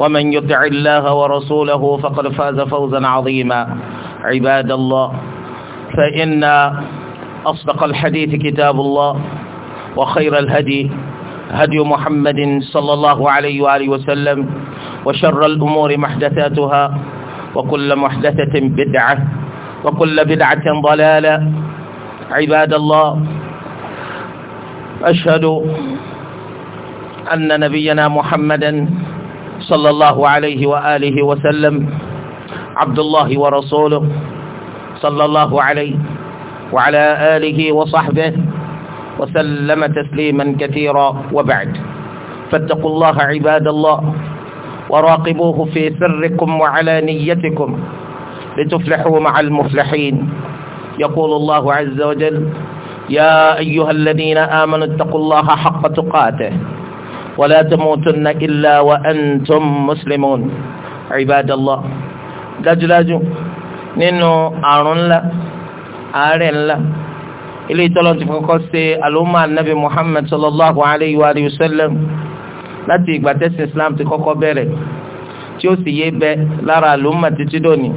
ومن يطع الله ورسوله فقد فاز فوزا عظيما عباد الله فإن أصدق الحديث كتاب الله وخير الهدي هدي محمد صلى الله عليه وآله وسلم وشر الأمور محدثاتها وكل محدثة بدعة وكل بدعة ضلالة عباد الله أشهد أن نبينا محمدا صلى الله عليه وآله وسلم عبد الله ورسوله صلى الله عليه وعلى آله وصحبه وسلم تسليما كثيرا وبعد فاتقوا الله عباد الله وراقبوه في سركم وعلى نيتكم لتفلحوا مع المفلحين يقول الله عز وجل يا أيها الذين آمنوا اتقوا الله حق تقاته ولا تموتن إلا وأنتم مسلمون عباد الله dájúdájú nínú àrùn ńlá àárẹ̀ ńlá ilé ìtọ́lọ́ ti kọ́kọ́ ṣe àlùmọ́ anabi muhammed sallallahu alayhi wa sallam láti ìgbà tẹ́sí islam ti kọ́kọ́ bẹ̀rẹ̀ tí ó sì yé bẹ lára àlùmọ́ títí dòní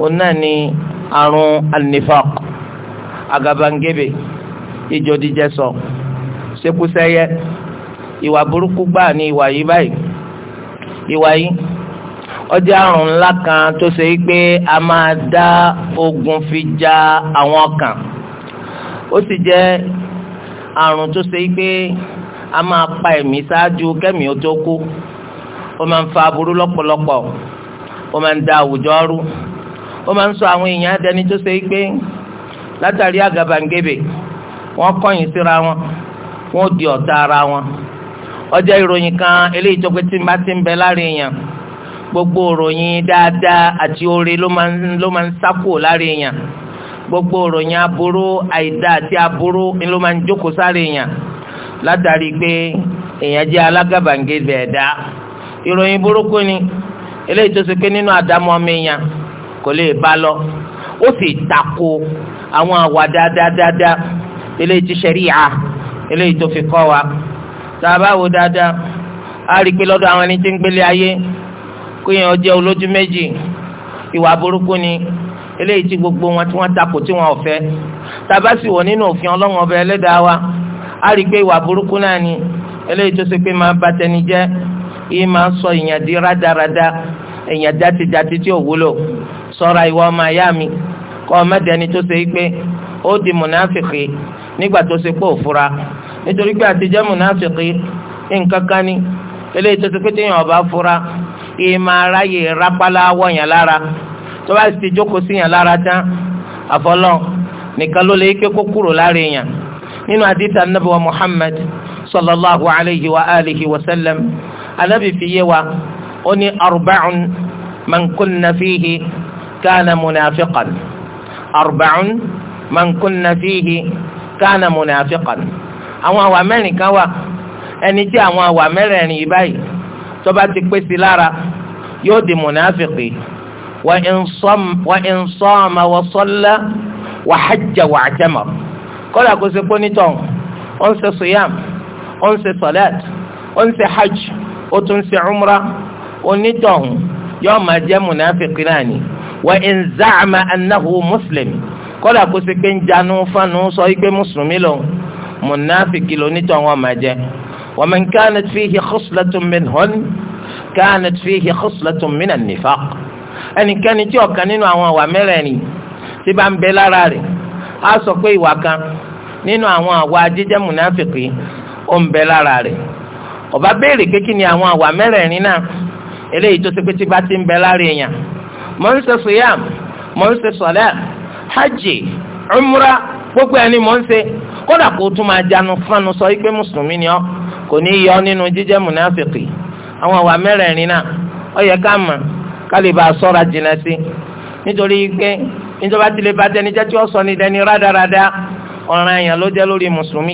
òun náà ni àrùn anifaq agabangebe ìjòdìjẹsọ ṣekúṣẹyẹ. So ìwà burúkú gbáà ní ìwà yìí báyìí ìwà yìí ọjà àrùn ńlá kan tó ṣe pé a máa dá ogun fi ja àwọn kan ó sì jẹ́ àrùn tó ṣe pé a máa pa ẹ̀mí ṣáájú kẹ́mi ó tó kú ó máa ń fa aburú lọ́pọ̀lọpọ̀ ó máa ń da àwùjọ rú ó máa ń sọ àwọn èèyàn adẹni tó ṣe pé látàrí àgàbàǹgebè wọ́n kọ̀yìn síra wọn wọ́n di ọ̀tá ara wọn ọjọ́ ìròyìn kan eléyìí tó pé tí n bá ti ń bẹ láàrin èèyàn gbogbo ìròyìn dáadáa àti oore ló máa ń sákò láàrin èèyàn gbogbo ìròyìn aburú àìdá àti aburú ló máa ń jókòó sáré èèyàn látàrí pé èèyàn jẹ́ alágàbàǹgẹ̀dẹ̀ ẹ̀dá ìròyìn burúkú ni eléyìí tó ṣe pé nínú àdámọ́ mi yàn kò lè bá lọ ó sì tako àwọn àwà dáadáa eléyìí tí ṣẹ̀ríà eléyìí tó fi kọ́ wa tá a bá wo dáadáa a rí i pé lọ́dọ̀ àwọn ẹni tí ń gbélé ayé kó yẹn ọjẹ́ olójú méjì ìwà burúkú ni eléyìí tí gbogbo wọn tí wọ́n takò tí wọn ò fẹ́ tá a bá sì wọ̀ nínú òfin ọlọ́run ọba ẹlẹ́dàá wa a rí i pé ìwà burúkú náà ni eléyìí tó ṣe pé máa bà tẹni jẹ́ yìí máa ń sọ ìyàn di rádaràda ìyàn játijàti tí ò wúlò sọ́ra ìwà ọmọ ayá mi kọ́ ọmọdéni tó ṣe pé ó di mùnáfìkì nígbà tó ṣe pé òfura nítorí pé àtijọ́ múnáfìkì nǹkan kan ni eléyìí tó ti pété yàn ọba fura ìmọ̀ aráyè rápálá wọ̀ yàn lára tó bá ti jókòó sí yàn lára tán àfọlọ́ nìkan ló lè ké kó kúrò lára èèyàn nínú àdìtà nàbẹ̀ wa Muhammad sallallahu alayhi wa alihi wa sallam anábì fi yé wa ó ní arba'un man kunna fihi kana munafiqan arba'un man kunna fihi kana munafiqan àwọn àwà mẹ́rin kan wà ẹni tí àwọn àwà mẹ́rẹ̀ẹ̀rin yìí báyìí tó bá ti pèsè lára yóò di mùnàfìkì wa in sama wa salla wa hajja wa àjẹmọ̀ kọ́lá kó se pónítọ̀ ó ń ṣe suyam ó ń ṣe salat ó ń ṣe hajj ó tún ṣe umra onítọ̀hún yóò máa jẹ́ mùnàfìkì náà ni wa in zaama annahu muslim kọ́lá kó se pé ń janu fanu sọ wípé mùsùlùmí lòun munafiki lonítọ̀ wọn máa jẹ́ wa man kanat fihi khuslatun minhun kanat fihi khuslatun minan nifaq ẹnikẹ́ni tí ọ̀kan nínú àwọn àwà mẹ́rẹ̀ẹ̀rin tí bá ń bẹ lára rẹ̀ á sọ pé ìwà kan nínú àwọn àwà jíjẹ́ munafiki ó ń bẹ lára rẹ̀ ó bá béèrè pé ni àwọn àwà mẹ́rẹ̀ẹ̀rin náà eléyìí tó ti pé tí bá ti ń bẹ lára èèyàn mò ń ṣe siyam mò ń ṣe sọlẹ hajj umra gbogbo ẹni mò ń ṣe kódà kó tún máa jánu fánu sọ wípé mùsùlùmí ni ọ kò ní yọ nínú jíjẹ́ mùnáfìkì àwọn ìwà mẹ́rẹ̀ẹ̀rin náà ó yẹ ká mọ̀ ká lè bá a sọ́ra jìnnà sí nítorí pé níjọba ti lè bá dẹni tí ó sọ ní dẹni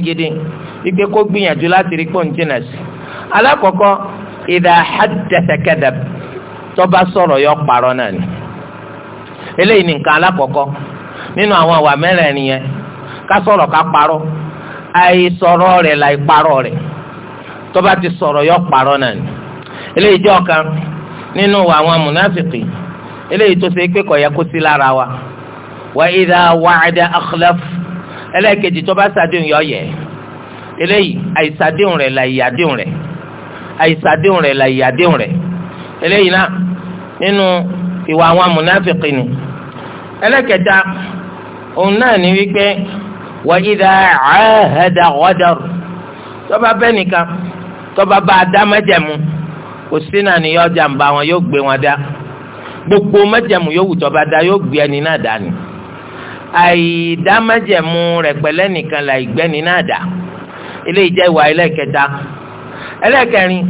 gidi wípé kó gbìyànjú láti rí pọ́ùn jìnnà sí alákọ̀ọ́kọ́ ìdá haddatha kadab sọ̀rọ̀ yọ náà ni eléyìí alákọ̀ọ́kọ́ nínú àwọn mẹ́rẹ̀ẹ̀rin yẹn ká sọ̀rọ̀ ká parọ́ àìsọ̀rọ̀ rẹ̀ láì parọ́ rẹ̀ tó bá ti sọ̀rọ̀ yọ parọ́ náà ni kan jẹ́ ọ̀kan nínú àwọn amúnáfìkì eléyìí tó ṣe pé kò yẹ kó sí lára wa wa idha wa'ada akhlaf ẹlẹ́ẹ̀kejì tó bá ṣàdéhùn yọ yẹ eléyìí àìṣàdéhùn rẹ̀ láì yàdéhùn rẹ̀ àìṣàdéhùn rẹ̀ láì yàdéhùn rẹ̀ eléyìí náà nínú ìwà àwọn amúnáfìkì ni ẹlẹ́ẹ̀kẹta òun náà ní wípé wa idha ahada ghadar tọ́ba bẹ́ẹ̀ nìkan tọ́ba bá a dá májẹ̀mú kò sí náà ni yọ jàǹbá wọn yóò gbé wọn dá gbogbo májẹ̀mú yóò wù tọ́ba dá yóò gbé ẹni náà dá ni àìdá májẹ̀mú rẹ̀ pẹ̀lẹ́ nìkan là ìgbẹ́ni náà dá eléyìí jẹ́ ìwà ẹlẹ́kẹta ẹlẹ́kẹrin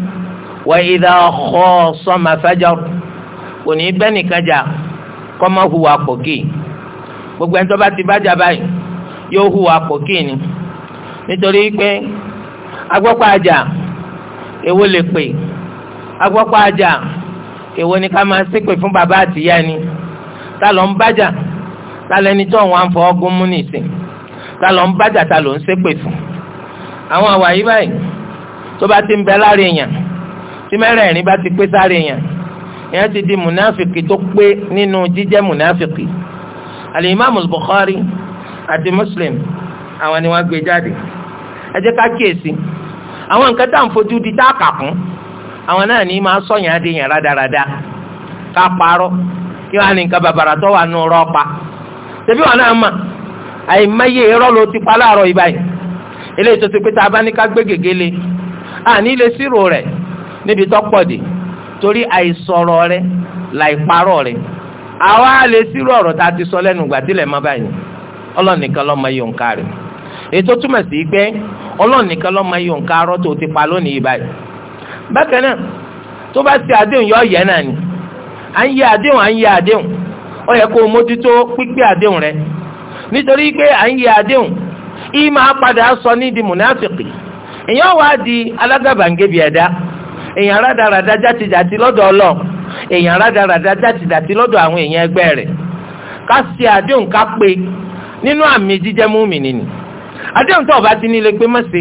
wa idha khasama fajar kò ní bẹ́ẹ̀ jà kọ́ hùwà pọ̀ kì gbogbo ẹni tó ti bá jà báyìí yóò hùwà pòkìní nítorí pé agbọ́pọ̀ àjà èwo lè pè agbọ́pọ̀ àjà èwo ni ká máa ṣépè fún bàbá àtìyá ni ta ló ń bájà ta lẹni tó wọn fọ ọgún mú nìsín ta ló ń bájà ta ló ń ṣépè fún àwọn àwàyí báyìí tó bá ti ń bẹ lára èèyàn tí mẹ́rẹ̀ẹ̀rin bá ti pé sáré yẹn ìyẹn ti di mùnáfìkì tó pé nínú jíjẹ́ mùnáfìkì alimami Bukhari àti muslim àwọn ni wọ́n gbé jáde ẹ jẹ́ ká kíyèsí àwọn nǹkan tá à ń fojú di tá a kà fún àwọn náà ní máa sọ̀yìn adéyàn rádaràda ká parọ́ kí wọ́n á ní nǹkan bàbàrà tó wà nù rọ́ọ̀pa tẹ̀bí wọn náà mà àìmọye irọ́ ló ti pa láàárọ̀ ìbáyìí eléyìí tó ti pé tá a bá ní ká gbé gègé le àní lè sírò rẹ̀ níbi tó pọ̀ torí àìsọ̀rọ̀ rẹ̀ rẹ̀ àwa lè sírò ọ̀rọ̀ a ti sọ lẹ́nu ìgbà tí báyìí ọlọ́run nìkan ló mọ iye òǹkà rẹ̀ ètò túmọ̀ sí pé ọlọ́run nìkan ló ti pa lónìí báyìí bákan náà tó bá ṣe àdéhùn yọ ọ̀yẹ́ ni à ń yẹ àdéhùn à ń yẹ àdéhùn ó yẹ kó o mójútó pípé rẹ nítorí pé à ń yẹ àdéhùn ìyí máa padà sọ ní di mùnáfìkì di ẹ̀dá èèyàn lọ́dọ̀ èèyàn lọ́dọ̀ àwọn èèyàn ẹgbẹ́ rẹ̀ ká ṣe àdéhùn ká nínú àmì jíjẹ́ múmìnì nìní àdéhùn tó o ti nílé pé má ṣe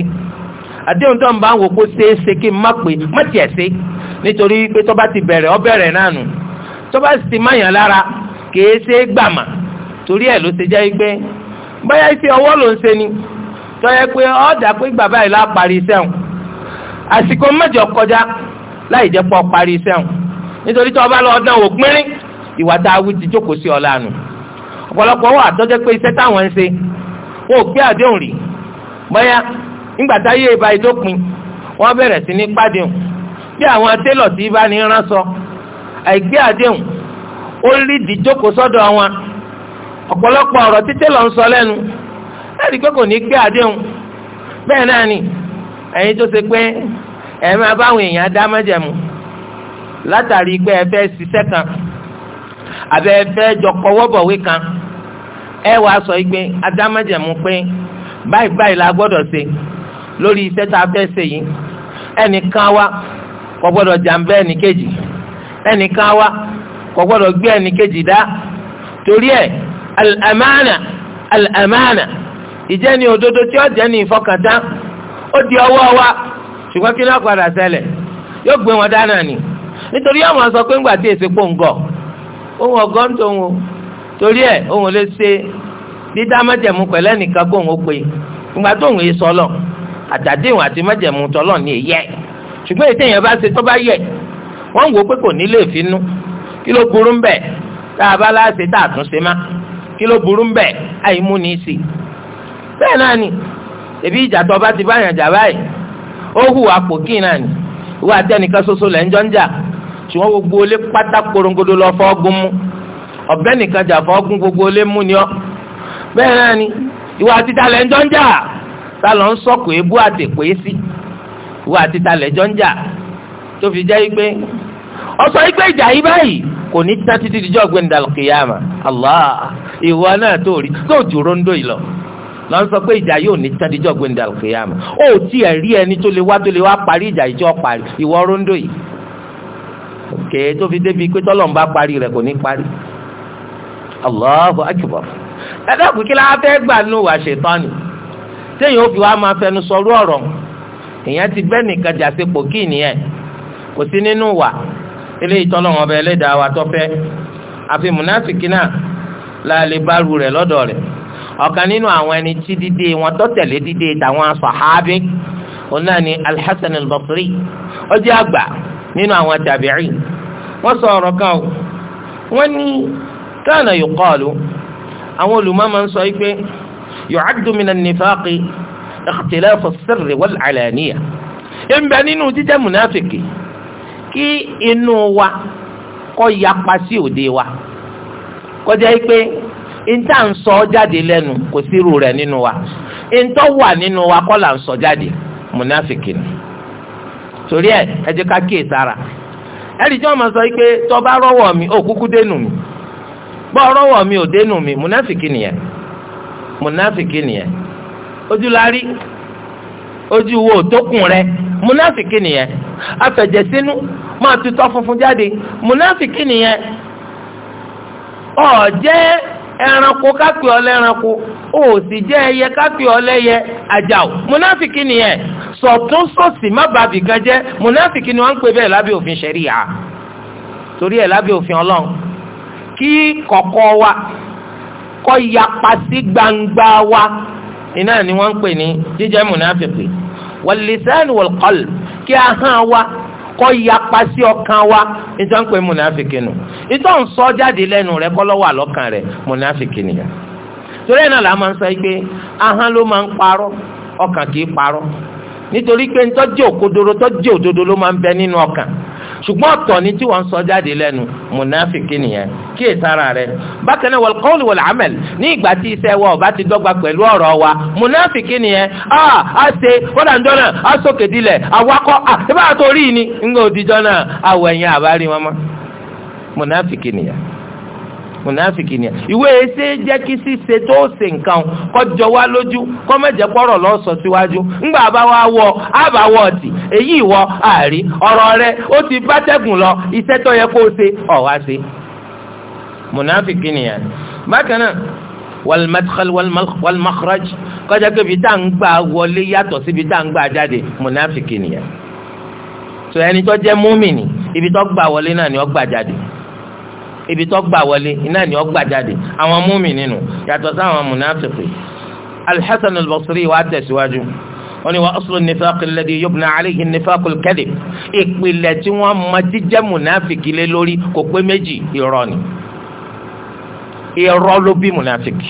àdéhùn tó ń bá ń wò pé ṣe é ṣe kí n má pé má tiẹ̀ ṣe nítorí pé tó bá ti bẹ̀rẹ̀ ọ bẹ̀rẹ̀ náà nù tó bá sì ti máyàn lára kìí ṣe é gbàmà torí ẹ̀ ló ṣe jẹ́ pé báyà iṣẹ́ ọwọ́ ló ń ṣe ni tó yẹ pé ọ dà pé bàbá yìí láà parí iṣẹ́ hùn àsìkò mẹ́jọ kọjá láì jẹ́pọ̀ pọ̀ parí iṣẹ́ hùn nítorí tó o bá dán wò ìwà tá ti jókòó sí ọ lánàá ọ̀pọ̀lọpọ̀ wà dọ́jọ́ pé iṣẹ́ táwọn ń ṣe wọn ò gbé àdéhùn rí bóyá nígbà bá ìbá ìdópin wọ́n bẹ̀rẹ̀ sí ní pàdéhùn bí àwọn télọ̀ tí bá ní ránṣọ àìgbé àdéhùn ó rí ìdíjókòó sọ́dọ̀ wọn ọ̀pọ̀lọpọ̀ ọ̀rọ̀ tí ń lẹ́nu láti kò ní gbé àdéhùn bẹ́ẹ̀ náà ẹ̀yin tó ṣe pé máa báwọn èèyàn dá ẹ wàá sọ yìí pé adámájẹ̀mú pé báyìí báyìí la gbọdọ ṣe lórí iṣẹ́ tá a fẹ́ ṣe yìí ẹnìkan wa kò gbọ́dọ̀ jàǹbá ẹnìkejì ẹnìkan wa kò gbọ́dọ̀ gbé ẹnìkejì dá torí ẹ̀ al-amana al òdodo tí ó jẹ́ ìfọkàntán ó di ọwọ́ wa ṣùgbọ́n kí náà padà ṣẹlẹ̀ yóò gbé wọn dáná ni nítorí àwọn sọ pé ńgbà tí èsì pò ń gọ̀ ohun ọ̀gọ́ ń tó ń torí ẹ òun lè ṣe dídá májẹ̀mú pẹ̀lú ẹnìkan kó òun pé ìgbà tó òun yé sọlọ àtàdéhùn àti májẹ̀mú tọlọ ni èyẹ ṣùgbọ́n ètè èèyàn bá ṣe tó bá yẹ wọ́n wò ó pé kò kí ló burú ń tá a bá láṣẹ tá a burú ń ní bẹ́ẹ̀ náà ni èbí ọ̀bẹ nìkan jà fún ọgún gbogbo lé mú ni ọ bẹ́ẹ̀ náà ni ìwà títa lẹ̀ ń jọ ń tá lọ ń sọ̀kò ebú àtẹ̀pé sí ìwà títa lẹ̀ jọ tó fi jẹ́ igbe ọsọ igbe ìjà yìí báyìí kò ní tán títí dijọ́ gbẹ̀ndà kìyàmà Allah ìwà náà tó rí tó jù rondo yìí lọ lọ sọ pé ìjà yóò ní tán dijọ́ gbẹ̀ndà kìyàmà ó tí ẹ̀ rí ẹni tó lè wá tó lè wá parí ìjà yìí tí parí ìwọ rondo yìí kèé tó fi débi pé tọ́lọ̀ bá parí rẹ̀ kò ní parí. Allahu akbar ẹ dákun kí láwọn fẹ́ gbà nínú wà ṣètọ́ni téèyàn ó fi wá máa fẹnu sọrú ọ̀rọ̀ èèyàn ti bẹ́ẹ̀ nìkan jàsepò kí nìyẹn kò sí nínú wà ilé ìtọ́nà wọn bẹ ẹlẹ́dàá wa tọ́fẹ́ àfi mùnáfìkì náà láàlẹ́ bá ru rẹ̀ lọ́dọ̀ rẹ̀ ọ̀kan nínú àwọn ẹni tí dídé wọn tọ́tẹ̀lé dídé tàwọn sàhábí òun náà ni alḥasan al-basri ó jẹ́ àgbà nínú àwọn tàbí'í wọ́n sọ ọ̀rọ̀ kan o wọ́n ní kana yuqalu àwọn olùmọ̀ máa ń sọ pé yu'addu minan nifaqi ikhtilafu as-sirri wal-alaniya ń bẹ nínú jíjẹ́ mùnáfìkì kí inú wa kó yapa sí òde wa kọjá pé ìta ń sọ jáde lẹ́nu kò sírú rẹ̀ nínú wa ìtọ́ wà nínú wa kọ́ là ń sọ jáde mùnáfìkì ni torí ẹ ẹ jẹ́ ká kíyèsára ẹ̀rí tí sọ pé tọ́ bá rọ́wọ́ mi òkúkú dénú mi bọ́ ọ̀rọ̀wọ̀ mi ò dénú mi múnáfìkì nìyẹn múnáfìkì nìyẹn ojú la rí ojú wo tókun rẹ múnáfìkì nìyẹn afẹ̀jẹ̀sínú máa tutọ́ funfun jáde múnáfìkì nìyẹn ó jẹ́ ẹranko kápẹ́ ọlẹ́ranko ó sì jẹ́ ẹyẹ kápẹ́ ọlẹ́yẹ ajáò múnáfìkì nìyẹn sọ̀tún sọ̀sì má bàbí gan jẹ́ múnáfìkì ni wọ́n ń pè bẹ́ẹ̀ lábẹ́ òfin ṣẹ̀ríyà torí ẹ̀ lábẹ́ òfin ọlọ́run kí kọ̀kọ̀ wa kọ́ yapa sí gbangba wa iná ni wọ́n ń pè ní jíjẹ́ mùnàfíkì wal lisan wal kí ahọ́n wa kọ́ yapa sí ọkàn wa ìjọ ń pè mùnàfíkì nù ìjọ ń sọ jáde lẹ́nu rẹ kọ́ lọ́wọ́ àlọ́kàn rẹ̀ mùnàfíkì nìyẹn torí ẹ̀ náà la máa ń sọ pé ahọ́n ló máa ń parọ́ ọkàn kì í parọ́ nítorí pé ntọ́jú òkodoro tọ́jú òdodo ló máa ń bẹ nínú ọkàn ṣùgbọ́n tí wọ́n sọ jáde lẹ́nu mùnáfìkì kí èsì rẹ̀ bákan náà wal ní ìgbà tí iṣẹ́ ti dọ́gba pẹ̀lú ọ̀rọ̀ wa mùnáfìkì a a ṣe kódà ńjọ́ náà a sókè dilẹ̀ a ìbára tó rí ni òdìjọ́ náà ẹ̀yìn mùnàfíkì ni iwe ẹsẹ jẹ́ kí ṣíṣe tó ṣe nǹkan kọjọ wá lójú kọ mẹjẹ pọrọ lọ sọ síwájú ńgbà bá wá wọ àbá wọ ọtì èyí ìwọ àárí ọ̀rọ̀ rẹ̀ ó ti bá tẹgùn lọ iṣẹ́ tó yẹ kó o ṣe ọwá ṣe mùnàfíkì nìyẹn bákan náà walmadkhal walmakhraj kọjá pé ibi tá à ń gbà wọlé yàtọ̀ sí ibi tá à ń gbà jáde mùnàfíkì nìyẹn tó ẹni tó jẹ́ múmìnì ibi tó gbà wọlé náà ni ó gbà jáde ibi tó gbà wọlé iná ni ó gbà jáde àwọn múmi nínú yàtọ̀ sáwọn múnáfìkì alḥasan albasri wa tẹ̀síwájú wọ́n ní wa aslu nifaqi alladhi yubna alayhi nifaqu alkadhib ìpìlẹ̀ tí wọ́n mọ jíjẹ́ múnáfìkì lé lórí kò pé méjì irọ́ ni irọ́ ló bí múnáfìkì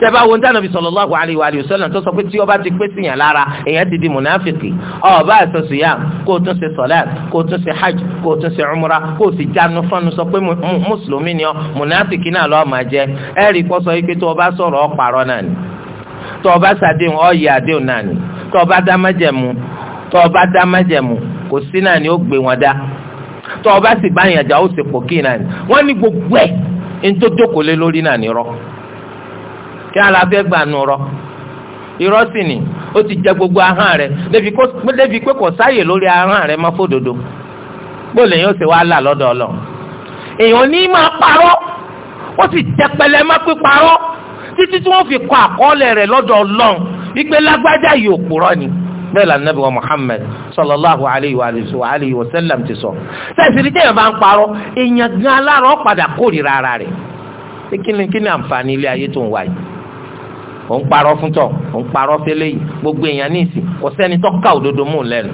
tẹ́bá wo níta nàbí sallallahu alayhi wa sallam tó sọ pé tí ọba ti pé síyàn lára èèyàn ti di mùnàfìkì ọba àṣọ siyam kó o tún ṣe sọ̀lá kó o tún ṣe hajj kó o tún ṣe umra kó o sì jánu fánu sọ pé mùsùlùmí ni ọ mùnàfìkì náà lọ́ọ́ máa jẹ ẹ̀rí kọ́ sọ pé tó ọba sọ̀rọ̀ ọ parọ́ náà ni tó ọba ṣàdéhùn ọ àdéhùn náà ni tó ọba dá májẹ̀mú tó ọba dá májẹ̀mú kò sí náà ni kí alábẹ́ gbà nù rọ irọ́ sì ni ó ti jẹ gbogbo ahọ́n rẹ̀ débi pé kò sáyè lórí ahọ́n rẹ̀ má fòdodo bó lè yóò ṣe wá là lọ́dọ̀ ọlọ èèyàn ní máa parọ́ ó sì tẹpẹlẹ má pé parọ́ títí tí wọ́n fi kọ àkọọ́lẹ̀ rẹ̀ lọ́dọ̀ ọlọ́run wípé lágbájá yìí òpùrọ́ ni bẹ́ẹ̀ la nabi wa muhammed sallallahu alayhi wa alayhi wa sallam ti sọ. sẹ́sìrì jẹ́ ìyàbá ń parọ́ èèyàn gan alárọ̀ padà kórìíra ara rẹ̀ kí ni àǹfààní ilé ayé tó ń wáyé ò ń parọ́ fún ò ń parọ́ fẹ́lẹ́ gbogbo èèyàn ní ìsìn kò sẹ́ni tó ká òdodo mú lẹ́nu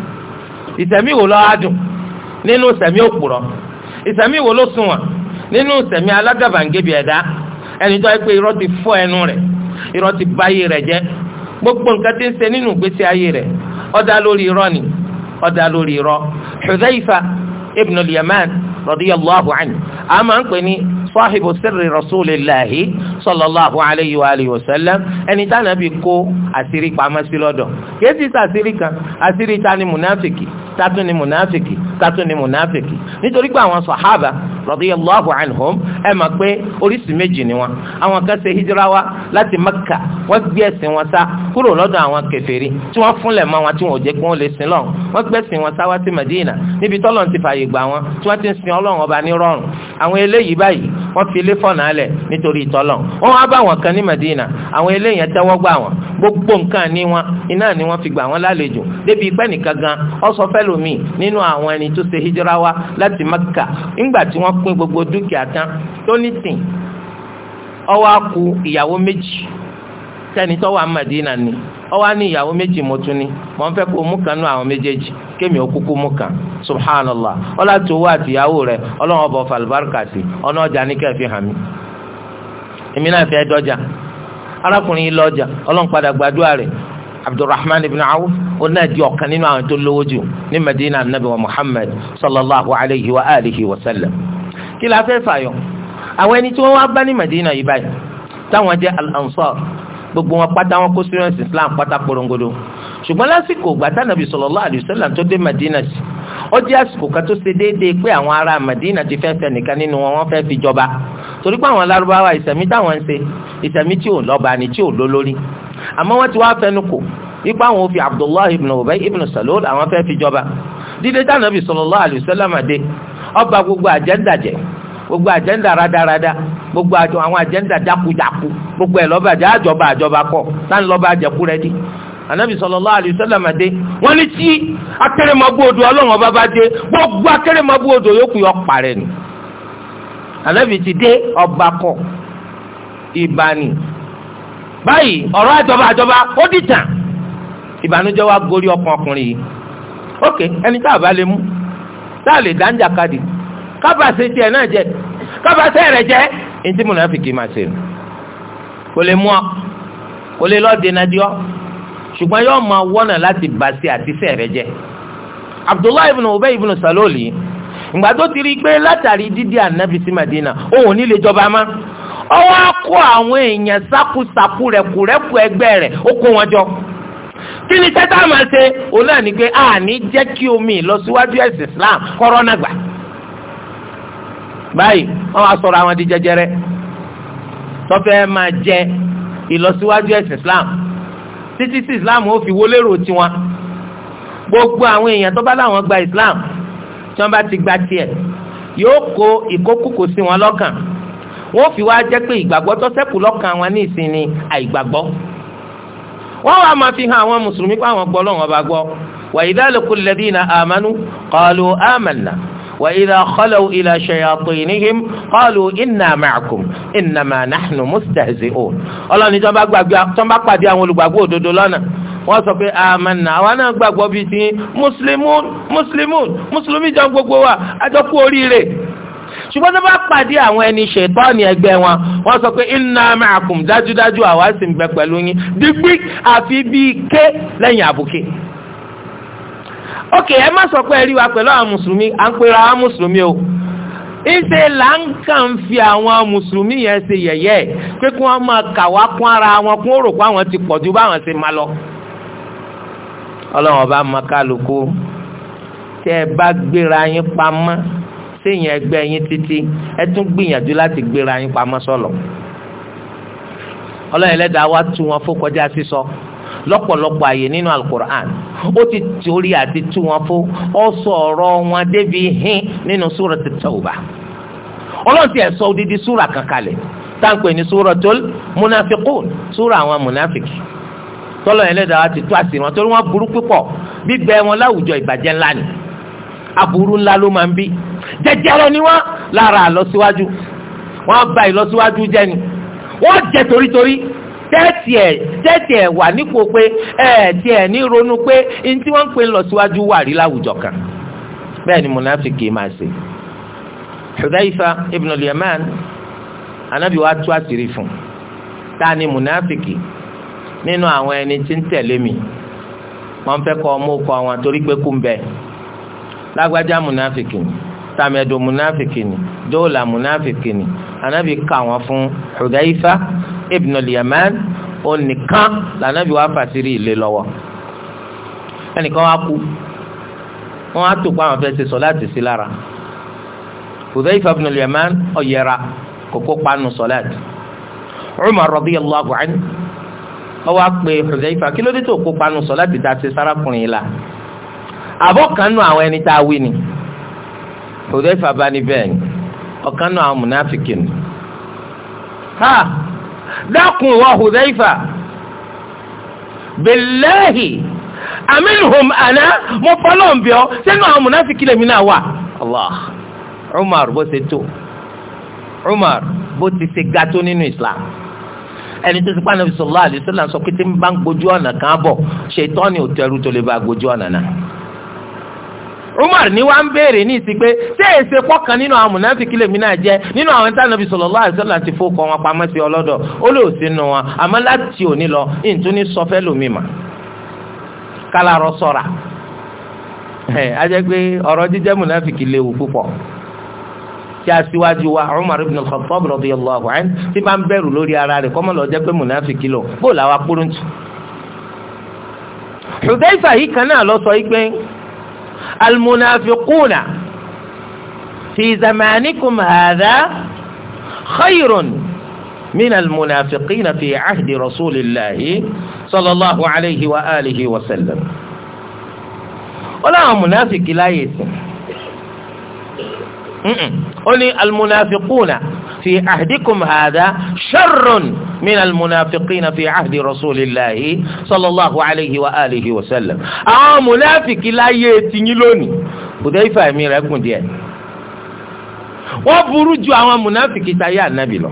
ìsẹ̀mí wo ló adùn nínú ìsẹ̀mí òpùrọ̀ ìsẹ̀mí wo ló sunwọ̀n nínú ìsẹ̀mí alágàbàǹgebì ẹ̀dá ẹni tó yẹ pé irọ́ ti fọ́ ẹnu rẹ̀ irọ́ ti ayé rẹ̀ jẹ́ gbogbo nǹkan nse ń ṣe nínú ìgbésí ayé rẹ̀ ó lórí irọ́ ni ó lórí irọ́ ibn sahibu sirri rasulillahi sallallahu alayhi wa alihi wa sallam ẹni tá nàbí kó àṣírí pamọ́ sí lọ́dọ̀ kí ẹ ti sàṣírí kan àṣírí ta ni munafiki tátún ni munafiki tátún ni munafiki nítorí pé àwọn sàhábà radiyallahu anhum ẹ mà pé oríṣi méjì ni wọn àwọn kan ṣe hijira wa láti Makka wọ́n gbé ẹ̀sìn wọn sá kúrò lọ́dọ̀ àwọn kèfèrí tí wọ́n fúnlẹ̀ mọ́ wọn tí wọ́n jẹ́ kí wọ́n lè sin lọ́run wọ́n gbé ẹ̀sìn wọn sá wá sí Madina níbi tọ́lọ̀ ti fààyè gbà wọn tí wọ́n ti ń sin Ọlọ́run ọba ní rọ̀rùn àwọn eléyìí báyìí wọ́n fi ilé fọ̀nà alẹ̀ nítorí ìtọ́lọ̀ wọ́n wá bá wọn kan ní Madina àwọn eléyìí yẹn tẹ́wọ́ gbà wọn gbogbo nǹkan ní wọn iná ni wọ́n fi gbà wọn lálejò débi pẹ́ nìkan ẹlòmíì nínú àwọn ẹni tó ṣe hijira maka láti Mẹ́kà ńgbà tí pín gbogbo dúkìá tán tó ní tìǹ ó wá kù ìyàwó méjì ni ó ni mo ń kó mú kan nú àwọn méjèèjì kémi òkúkú mú kan subhanallah ọlá tó wá àtìyàwó rẹ̀ ọlọ́wọ́n bọ̀ falùbáríkà sí ọ̀nà ọjà ní kẹfì hàn mí èmi náà fẹ́ dọ́jà arákùnrin lọ́jà abdulrahman ibn awf ó náà di ọ̀kan nínú àwọn tó lówó jù ní madina anabi wa muhammad sallallahu alayhi wa alihi wa sallam kí la fẹ́ fàyọ àwọn ẹni tí wọ́n wá bá ní madina yìí báyìí táwọn jẹ́ al-ansar gbogbo wọn pátá wọn kó sírẹ́ǹsì islam pátá porongodo ṣùgbọ́n lásìkò gbàtà nàbì sallallahu alayhi wa sallam tó dé madina sí ó jẹ́ àsìkò kan tó ṣe déédéé pé àwọn ará madina ti fẹ́ fẹ́ nìkan nínú wọn wọ́n fẹ́ fi jọba torí pé àwọn lárúbáwá ìsẹ̀mí táwọn ń ṣe ìsẹ̀mí tí ò lọ́ba ni tí ò lólórí àmọ́ wọ́n ti wá fẹnu kò ipa àwọn òfin abdullahi ibn ubay ibn salul àwọn fẹ́ fi jọba dídé tánàbì sallallahu alayhi wa sallam dé ọba gbogbo àjẹ́ńdà jẹ́ gbogbo àjẹ́ńdà rádaràda gbogbo àjọ àwọn àjẹ́ńdà jákujáku gbogbo ẹ̀ lọ́ba àjẹ́ àjọba àjọba kọ̀ táwọn lọ́ba àjẹkú rẹ dí anabi sallallahu alayhi wa sallam dé wọ́n ní tí akérèmọ́gbó odò ọlọ́run ọba bá dé gbogbo akérèmọ́gbó odò yòókù yọ parẹ́ ni anabi ti dé ọba kọ̀ ìbànú báyìí ọ̀rọ̀ àjọba àjọba ó dìtàn ìbànújẹ́ wa gorí ọkàn ọkùnrin yìí ok ẹni tá a bá lè mú tá a lè dá ń jàkadì kábàáṣe tiẹ̀ náà jẹ kábàáṣe rẹ̀ jẹ́ ẹni tí mùnàfíkì máa ṣe nù kò lè mú ọ kò lè lọ́ọ́ dènà di ṣùgbọ́n yóò máa wọ́nà láti bàṣẹ àtisẹ́ rẹ̀ jẹ́ Abdullahi ibn Ubay ibn Saloli ìgbà tó ti rí i pé látàrí dídí ànábì sí Madina òun ò ní lè jọba máa ọwọ́ á kó àwọn èèyàn sákúsákú rẹ̀ kùrẹ́kù ẹgbẹ́ rẹ̀ ó kó wọn jọ kí ni tẹ́tà máa ṣe òun náà ni pé àní jẹ́ kí omi ìlọsíwájú ẹ̀sìn Islam kọ́rọ́ náà gbà báyìí wọ́n wá sọ̀rọ̀ àwọn di jẹjẹrẹ tọ́fẹ́ máa jẹ ìlọsíwájú ẹ̀sìn Islam títí tí Islam ó fi wọlé rò tiwọn gbogbo àwọn èèyàn tó bá láwọn gba Islam tí wọ́n bá ti gba tiẹ̀ yóò kó ìkókùkù sí wọn lọ́kàn wọ́n fi wá jẹ́ pé ìgbàgbọ́ tó ṣẹ́kù lọ́kàn wọn ní ìsinmi àìgbàgbọ́ wọ́n wá máa fi hàn àwọn mùsùlùmí pé àwọn gbọ́ lọ́wọ́ bá gbọ́ wa idha laqul ladhina amanu qalu amanna wa idha khalaw ila shayatinihim qalu inna ma'akum innama nahnu mustahzi'un ọlọ́ni tó ń bá pàdé àwọn olùgbàgbọ́ òdodo lọ́nà wọ́n sọ pé àmàna àwa náà gbàgbọ́ bíi ti mùsùlùmí mùsùlùmí jẹun gbogbo wa àjọkú oríire ṣùgbọ́n tó bá pàdé àwọn ẹni ṣètọ́ọ̀nì ẹgbẹ́ wọn wọ́n sọ pé inna ma'akum dájúdájú àwa sì ń bẹ pẹ̀lú yín dígbí àfi bíi ké lẹ́yìn àbùké. ok ẹ má sọ pé ẹ rí wa pẹ̀lú àwọn mùsùlùmí à ń pera àwọn mùsùlùmí o ìṣe là ń kàn fi àwọn mùsùlùmí yẹn ṣe yẹ̀yẹ́ pé kí wọ́n máa kà wá kún ara wọn kún òrò pé àwọn ti pọ̀ ju báwọn ṣe máa lọ. ọlọ́run ọba mọ tẹ́ ẹ bá gbéra yín pamọ́ séèyàn ẹgbẹ́ yín títí ẹ tún gbìyànjú láti gbéra yín pamọ́ sọ̀lọ̀ ọlọ́yìn lẹ́dàá wá tú wọn fún kọjá sísọ lọ́pọ̀lọpọ̀ àyè nínú alukur'an ó ti torí àti tú wọn fún ọ sọ̀rọ̀ wọn débi hin nínú súrà ti tawba ọlọ́run ti ẹ̀ sọ odidi súrà kankalẹ̀ táǹpẹ̀ ní súratul munafiqun súrà àwọn munafiki tọ́lọ̀ yẹn lẹ́dàá wá ti tú àsìrì wọn torí wọn burú púpọ̀ bíbẹ wọn láwùjọ ìbàjẹ́ ńlá ni aburú ńlá ló máa ń bí jẹjẹrẹ ni wọ́n lára àlọsíwájú wọ́n ba ìlọsíwájú jẹ́ ni wọ́n jẹ torítorí tẹ́tì ẹ̀ tẹ́tì ẹ̀ wà nípò pé ẹ̀ẹ́dì ẹ̀ ní ronú pé ní tí wọ́n ń pè lọ́síwájú wà rí láwùjọ kan bẹ́ẹ̀ ni munafiki máa ṣe. Hudhaifa ibn al wa tú àṣírí fún ta ni munafiki nínú àwọn ẹni tí ń tẹ̀lé mi wọ́n fẹ́ kọ́ ọmọ kọ́ wọn torí pé kú ń bẹ lágbájá munafiki sàmẹ̀dò munafiki ni dóòlà munafiki ni anabi kà wọ́n fún Hudhaifa ibn al-Yaman onìkan lànàbí wàá fàṣírí ilé lọ́wọ́ ẹnìkan wá kú wọ́n á tó pa àwọn fẹ́ẹ́ ṣe sọ́láàtì sí lára Hudhaifa ibn al-Yaman ọ̀yẹ̀ra kókó panu sọ́láàtì Umar radiyallahu anhu ọwọ́ àpè Hudhaifa kí ló dé tó kó panu sọ́láàtì tá a ṣe sárakùnrin yìí la àbọ̀ kan àwọn ẹni tá a wí ni. Hudhayfa bá ní bẹ́ẹ̀ ni ọ̀kan náà àwọn mùnáfíkì ni. ha dákun wọ Hudhayfa billahi aminhum ana mo fọlọ́ ń bíọ́ sẹ́nu àwọn mùnáfíkì lèmi náà wà. Allah Umar bó ṣe tó Umar bó ti ṣe ga tó nínú Islam ẹni tó ti pa Ànábì sallallahu alaihi wasallam sọ pé tí ń bá ń gbójú ọ̀nà kan bọ̀ ṣètánì ò tẹrù tó lè bá gbójú ọ̀nà náà. Umar ni wa ń béèrè ní ìsìn pé ṣé èsè pọ́kàn nínú àwọn mùnàfíkì lèmi náà jẹ́ nínú àwọn tí Ànábì sallallahu alaihi wasallam ti fọkọ wọn pamọ́ sí ọlọ́dọ̀ ó lè sí wọn àmọ́ láti òní lọ ìtúní sọ fẹ́ lómi mà kálárọ̀ sọ̀ra ẹ̀ ajẹ́ pé ọ̀rọ̀ jíjẹ́ mùnàfíkì léwu púpọ̀ tí a síwájú wa Umar ibn ara rẹ̀ kọ́mọ́ lọ jẹ́ pé bó yìí المنافقون في زمانكم هذا خير من المنافقين في عهد رسول الله صلى الله عليه وآله وسلم ولا منافق لا يسن ó fi ahdikum hadha sharrun minal munafiqina fi ahdi rasulillahi sallallahu alayhi wa alihi wa sallam. àwọn munafiki láyé tiyín lónìí kùdẹ́ ifá mi rẹ̀ kùn díẹ̀. wọ́n burú ju àwọn munafiki táyé ànábì lọ.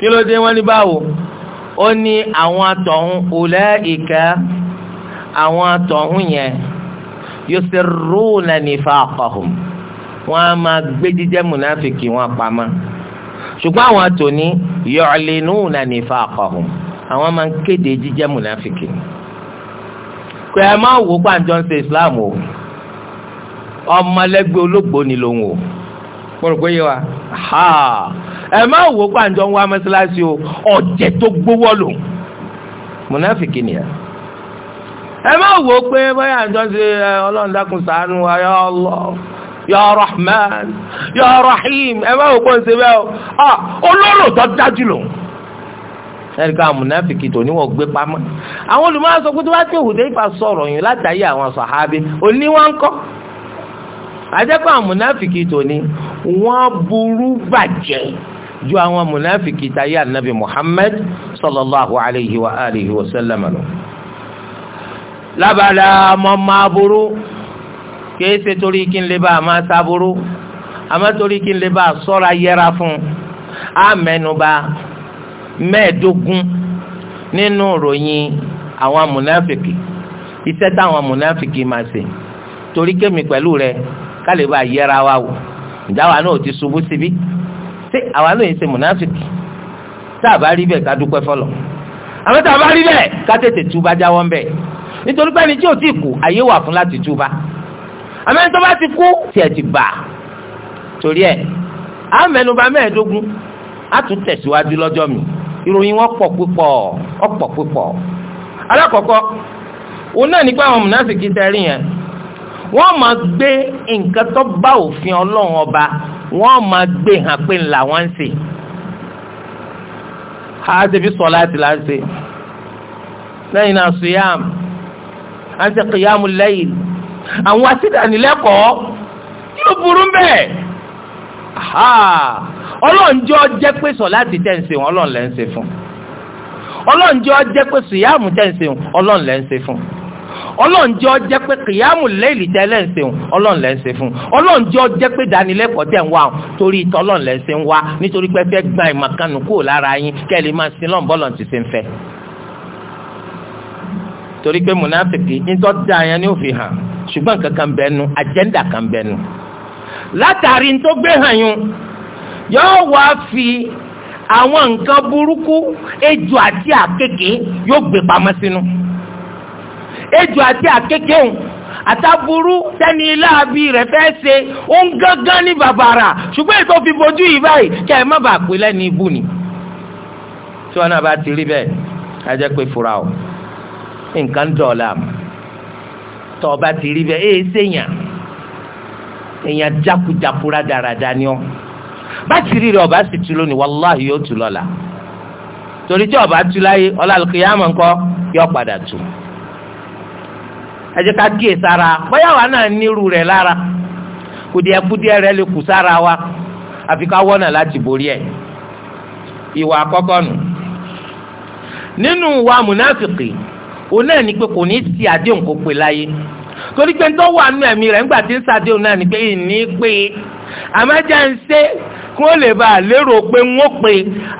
kí ló dé wọ́n ní báwo? ó ní àwọn atọ̀hún ulaika àwọn atọ̀hún yẹn yusirruna nifaqahum wọ́n á máa gbé jíjẹ́ múnáfìkì wọn pamọ́ ṣùgbọ́n àwọn àtòní yu'linuna nifaqahum àwọn máa ń kéde jíjẹ́ múnáfìkì pé ẹ máa wò gbàǹjọ́ ń ṣe Islam o ọmọlẹ́gbẹ́ olóògbò ni lòun o mo rò pé yé wa ẹ máa wò gbàǹjọ́ ń wá mọ́ṣáláṣí o ọ̀jẹ̀ tó gbówó lòun múnáfìkì nìyẹn ẹ máa wò pé bóyá àjọ ṣe ọlọ́run dákun ṣàánú ayọ́ ọlọ́run ya rahman ya rahim ẹ bá wò kó ń ṣe bẹ́ẹ̀ o ah, olóró tó dájú lò ẹni ká amúnáfíkì tó níwọ̀n gbé pamọ́ àwọn olùmọ̀ọ́ sọ pé tó bá tẹ̀ òhùdé ìfà sọ̀rọ̀ yìí látàrí àwọn sàhábì oníwọ̀nkọ́ àjẹpọ̀ amúnáfíkì tó ní wọ́n burú bàjẹ́ ju àwọn amúnáfíkì táyé ànábì Muhammad sallallahu alayhi wa alihi wa sallam lọ. lábàlá mọ́ máa burú kìí ṣe torí kí n lè bá a máa sábúrú àmọ́ torí kí n lè bá a sọ́ra yẹra fún un á mẹ́nuba mẹ́ẹ̀ẹ́dógún nínú ìròyìn àwọn amúnáfìkì iṣẹ́ táwọn amúnáfìkì máa ṣe torí kémi pẹ̀lú rẹ ká lè bá a yẹra wa wò ìjà wa náà ti ṣubú síbí ṣé àwa náà yìí ṣe múnáfìkì tá a bá rí bẹ́ẹ̀ ká dúpẹ́ fọlọ́ àwọn tá a bá rí bẹ́ẹ̀ ká tètè túbá jáwọ́ ń bẹ́ẹ̀ nítorí pé ẹni tí ò tí kù àyè wà fún láti túbá àmẹ́ni tó bá ti kú tiẹ̀ ti bà torí ẹ̀ á mẹ́nuba mẹ́ẹ̀ẹ́dógún á tún tẹ̀síwájú lọ́jọ́ mi ìròyìn wọn pọ̀ púpọ̀ ọ̀pọ̀ púpọ̀ alákọ̀ọ́kọ́ òun náà nípa àwọn mùnásìkì tẹ́rì yẹn wọ́n máa gbé nǹkan tó bá òfin ọlọ́run ọba wọ́n máa gbé hàn pé ńlá wọ́n ń ṣe a ṣe fi sọlá ti la ṣe lẹ́yìn náà sùyàm a kìyàmù lẹ́yìn àwọn asídánilẹ́kọ̀ọ́ kí ló burú bẹ́ẹ̀ ọlọ́njọ́ jẹ́ pé sọ láti tẹ̀ ń ṣe wọn ọlọ́run lẹ́ ń ṣe fún ọlọ́njọ́ jẹ́ pé sùyàmù tẹ̀ ń ṣe wọn ọlọ́run lẹ́ ń ṣe fún ọlọ́njọ́ jẹ́ pé kìyàmù lẹ́yìn ìjà ẹlẹ́ǹsẹ̀ ń ọlọ́run lẹ́ ń ṣe fún ọlọ́njọ́ jẹ́ pé ìdánilẹ́kọ̀ọ́ tẹ̀ ń wá torí ìtọ́ ọlọ́run lẹ́ ń ṣe ń wá torí pé mùnáfìkì ń tọ́ da yẹn ní òfin hàn ṣùgbọ́n nǹkan kan agenda kan bẹ́ẹ̀ nu látàrí tó gbé hàn yín yóò wá fi àwọn nǹkan burúkú ejò àti àkekèé yóò gbé pamọ́ sínú ejò àti àkekèé òun àtàbúrú tẹ́ni láàbí rẹ̀ fẹ́ ṣe ó ń gángan ní bàbàrà ṣùgbọ́n ètò fi bojú yìí báyìí kí ẹ má bàa pè lẹ́ni ibú ni. tí wọn náà bá ti rí bẹ́ẹ̀ ajẹ́ pé fura o nǹkan ń dọ̀ọ́lá mu tọ́ ọba ti rí bẹ́ẹ̀ ẹ̀ ṣèyàn èyàn jákujàku rádaràda ni ti bátìrì rẹ̀ ọba sì tu lónìí wàláhì yóò tu lọ́la torí tí ọba tu láyé ọlọ́àlùkìyàmọ̀ ńkọ́ yọ padà tu ẹ jẹ́ ká kíyè sára bóyá wà náà nírú rẹ̀ lára kùdìẹ̀kùdìẹ̀ rẹ̀ lè kù sára wa àfi ká wọ́nà láti borí ẹ̀ ìwà àkọ́kọ́ nù nínú wa mùnáfìkì. òun náà ni pé kò ní í sí àdéhùn kó pé láyé torí pé tó wà nínú ẹ̀mí rẹ̀ ńgbà tí ń sàdéhùn náà ni pé ìní pé àmọ́jà ń ṣe kí wọ́n lè bá a lérò pé ń ó pé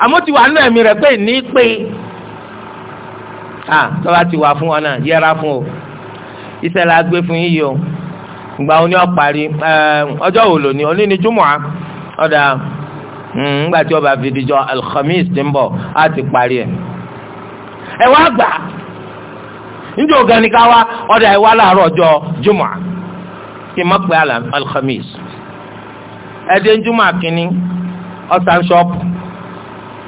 àmọ́ ti wà nínú ẹ̀mí rẹ̀ pé ìní pé à tọ́ba ti wà fún wọn náà yẹra fún o iṣẹ́ la fún yíyọ ìgbà wo ni ó parí ọjọ́ wo lò ní oní ni júmọ̀á ọ̀dà ńgbà hmm, tí ọba fi dijọ́ alhamis ti ń bọ̀ á ti parí ẹ̀ ẹ̀ wá gbà á njẹ́ ògan ni ká wá ọ̀dà ìwá láàárọ̀ ọjọ́ jùmọ̀ kí n má pè alhamis ẹ̀dẹ́ jùmọ̀ kínní ọ̀sán ṣọ́ọ̀pù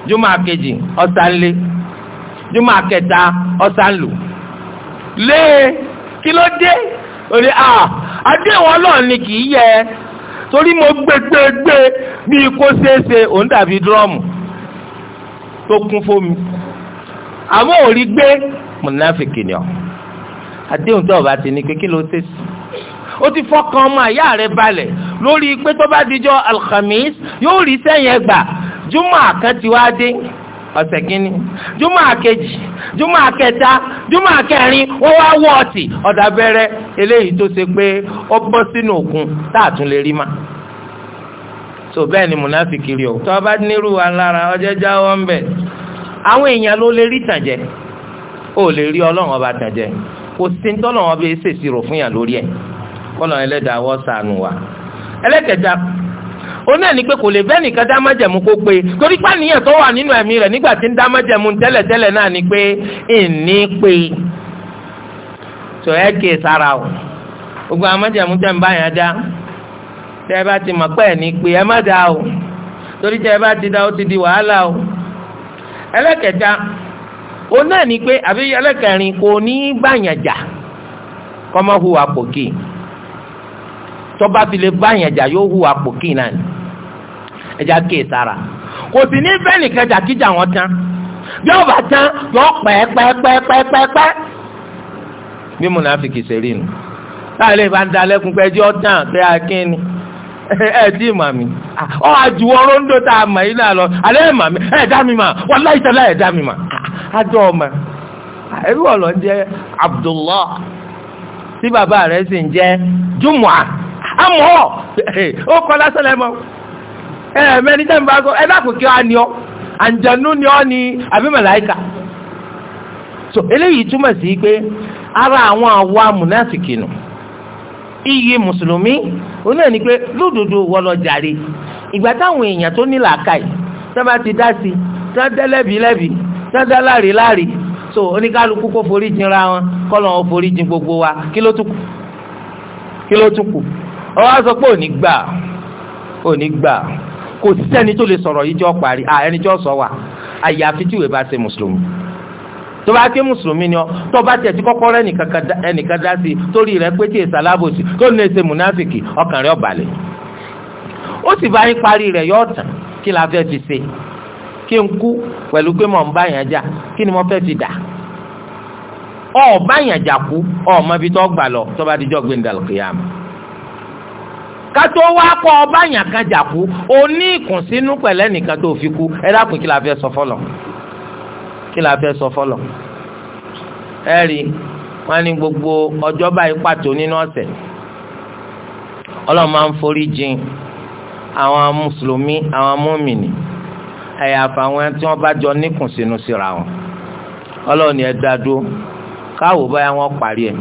jùmọ̀ kejì ọ̀sán lé juma kẹta ọ̀sán lù lé kí ló dé òní à àdéhùn ọlọ́run ni kì í yẹ torí mo gbé gbé gbé bíi kó ṣeéṣe òun dàbí dúrọ́ọ̀mù tó kún fómi àmọ́ òrí gbé mùnàfíkì ni ọ àdéhùn tó o bá ti ní pé kí ló ṣe sí ó ti fọkàn ọmọ àyà rẹ balẹ̀ lórí pé tó bá dijọ́ alhamis yóò rí sẹ́yìn ẹgbà júmọ̀ àkàntì wá dé ọ̀sẹ̀ kínní júmọ̀ àkejì júmọ̀ àkẹta júmọ̀ àkẹrin wọ́n wá wọ́ ọtí ọ̀dà bẹ̀rẹ̀ eléyìí tó ṣe pé ó bọ́ sínú òkun tá a tún lè rí ma so bẹ́ẹ̀ ni mùnàfíkì rí o tó o bá nírú wa lára ọjọ́ jáwọ́ ń bẹ̀ àwọn èèyàn ló lè rí tàn jẹ́ o lè rí ọlọ́run ọba tàjẹ́ kò sí ní tọ́lọ́run ọba ṣèṣirò fún yàn lórí ẹ̀ kọlọ ẹlẹ́dàá wọ́ sànù wa. ẹlẹ́kẹ̀dá ó náà ní pé kò lè bẹ́ẹ̀ nìkan dámájẹ̀mú kó pé torí pàníyàn tó wà nínú ẹ̀mí rẹ̀ nígbà tí ń dámájẹ̀mú tẹ́lẹ̀tẹ́lẹ̀ náà ni pé ìní pé tọ́ ẹ kè e sára o gbogbo amájẹ̀mú tẹ̀ ń bá yàn dá tẹ́ ẹ bá ti mọ̀ pé ẹ má dá o torí tẹ́ ẹ bá ti dá ó ti di wàhálà o ẹlẹ́kẹ̀dá o náà ni pé àbí ẹlẹ́kẹrin kò ní gbàyànjà kọ́mọ́ hùwà pòkì tọ́ba fi lè gbàyànjà yóò hùwà pòkì náà ni ẹja kéè sára kò sì ní bẹ́ẹ̀ nìkan jàkíjà wọn tán bí ọba tán yọ pẹ́ẹ́pẹ́ẹ́pẹ́ẹ́pẹ́ẹ́pẹ́ bí múnafìkì ṣe rí nu ń pé ọ àjùwọ̀ tá a yín náà lọ alẹ́ dá mi mà wọ́n dá kájọ ọmọ ẹrú ọ̀lọ́ ń jẹ́ Abdullah tí bàbá rẹ̀ sì ń jẹ́ Jumua amọ̀ ó kọ́ lásán lẹ́mọ́ ẹ mẹ́rin tẹ́ ń bá sọ ẹ dákun kí wọ́n á ní ọ àǹjẹ̀nú ni ọ́ ni àbí màláíkà so eléyìí túmọ̀ sí pé ara àwọn àwa mùnáfìkì nù iyì mùsùlùmí òun náà ni pé lódodo wọlọ jàre ìgbà táwọn èèyàn tó ní làákàyè tẹ́ bá ti dá sí tẹ́ dẹ́lẹ́bi lẹ́bi. lẹ́bi dáadáa láàrí láàrí so oníkálukú kó forí jin ra wọn kọ́lọ̀ wọn forí jin gbogbo wa kí ló tún kù kí ló tún kù ọ wá sọ pé òní gbà òní gbà kò sẹ́ni tó lè sọ̀rọ̀ yìí jọ parí à ẹni jọ sọ wà àyàfi tí ìwé bá ṣe mùsùlùmí tó bá ké mùsùlùmí ni ọ tó bá tiẹ̀ tí kọ́kọ́ rẹ̀ ẹnìkan dá sí torí rẹ̀ pé tí èsì alábòsí tó ní èsì múnáfìkì ọkàn rẹ̀ ọ̀bàlẹ̀ ó sì bá yín parí rẹ̀ yọ ọ̀tàn kí la fẹ́ fi ṣe kí n kú pẹ̀lú pé mọ̀ ń bá yàn jà kí ni mo fẹ́ fi dà ọ bá yàn jà kú ọ mọ ibi tó gbà lọ tó bá di jọ́ gbẹndàlùkìyàmù kátó wá kọ́ ọ bá yàn kan jà kú o ní ìkùnsínú pẹ̀lẹ́ nìkan tó fi kú ẹ dákun kí la fẹ́ sọ fọlọ kí la fẹ́ sọ fọlọ ẹ rí wọn ní gbogbo ọjọ́ báyìí pàtó nínú ọ̀sẹ̀ ọlọ́run máa ń forí jìn àwọn mùsùlùmí àwọn mùmìnì àyàfà àwọn tí wọ́n bá jọ níkùn sínú síra wọn ọlọ́run ni ẹ dá dúró káwọ́ báyà wọ́n parí ẹ̀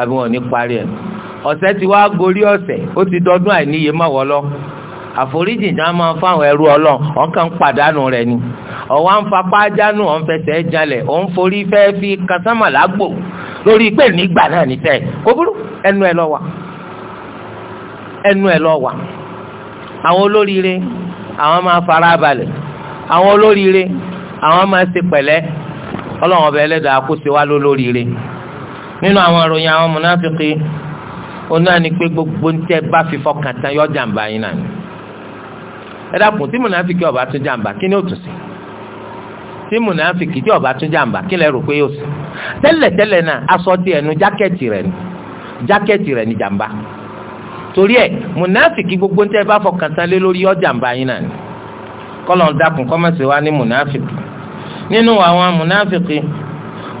àbí wọn ò ní parí ẹ̀ ọ̀sẹ̀ ti wá gorí ọ̀sẹ̀ ó ti dọdún àìníye mọ́wọ́ lọ àforíjì náà máa ń fáwọn ẹrú ọlọ́run ọ̀n kàn ń pàdánù rẹ̀ ni ọ̀wá ń fapá jánu ọ̀n fẹsẹ̀ jalẹ̀ ọ̀ ń forí fẹ́ fi kásámà lágbo lórí pé nígbà náà ní tẹ́ kó burú ẹnu ẹ lọ wà ẹnu ẹ lọ wà àwọn olóríire àwọn máa fara balẹ̀ àwọn olóríire àwọn máa ṣe pẹ̀lẹ́ ọlọ́run ọba ẹlẹ́dàá kó ṣe wá lólóríire nínú àwọn ìròyìn àwọn mùnáfíkì ó náà ni pé gbogbo ń tẹ́ bá fi fọkàn tán yọ jàǹbá yín náà ni ẹ dákun tí mùnáfíkì ọba tún jàǹbá kí ni ó tún sí tí mùnàfìkì tí ọba tún jàǹbá kí lẹ rò pé yóò sùn tẹ́lẹ̀tẹ́lẹ̀ náà aṣọ di ẹnu jákẹ́ẹ̀tì rẹ̀ ni jákẹ́ẹ̀tì rẹ̀ ni jàǹbá torí ẹ̀ mùnàfìkì gbogbo ń tẹ́ bá fọkàn lé lórí ọ jàǹbá yín náà ni kọ́lọ̀ ń dákun kọ́ mọ̀sẹ̀ wá ní mùnáfìkì nínú àwọn mùnáfìkì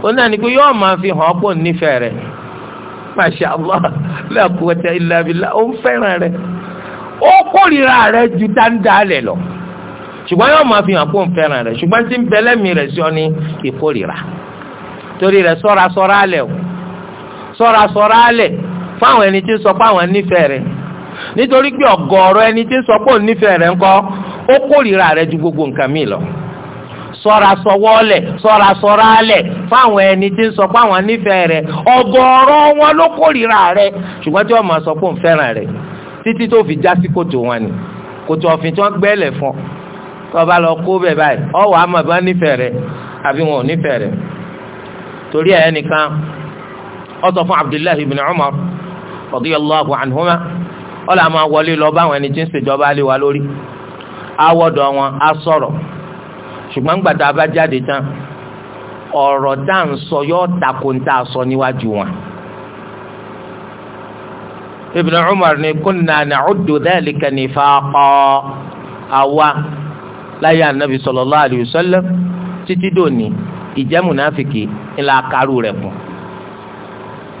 ó náà ní pé yóò máa fi hàn pọ̀ nífẹ̀ẹ́ rẹ̀ masha allah la quwwata illa billah ó ń fẹ́ràn rẹ̀ ó kórìíra rẹ̀ ju dáńdá rẹ̀ lọ ṣùgbọ́n yóò máa fi hàn pọ̀ ń fẹ́ràn rẹ̀ ṣùgbọ́n tí ń bẹlẹ́mì rẹ̀ sọ ni ìkórìíra torí rẹ̀ sọ́ra sọ́ra alẹ̀ o sọ́ra sọ́ra alẹ̀ fáwọn ẹni tí sọ pé àwọn nífẹ̀ẹ́ nítorí pé ọ̀gọ̀ọ̀rọ̀ ẹni tí sọ pé òun nífẹ̀ẹ́ rẹ̀ ó kórìíra rẹ ju gbogbo nǹkan mi lọ sọ́ra sọ́wọ́lẹ̀ sọ́ra sọ́ralẹ̀ fáwọn ẹni tí ń sọ wọn ló kórìíra rẹ̀ ṣùgbọ́n tí wọ́n máa sọ pé títí tó fi já sí kòtò wọn ni kòtò tí fún bá lọ kó báyìí bá àbí wọn ò torí sọ fún Abdullahi ibn Umar lọ báwọn ẹni tí ń ṣèjọba wa lórí awọ́dọ̀ wọn á sọ̀rọ̀ ṣùgbọ́n gbàtà bá jáde tán ọ̀rọ̀ tá à ń sọ yóò tako ń tá a sọ níwájú wọn. Ibn Umar ni kunna na'uddu dhalika nifaqa àwa láyé anabi sallallahu alayhi wa sallam títí dòní ìjẹ́ ńlá karú rẹ̀ kù.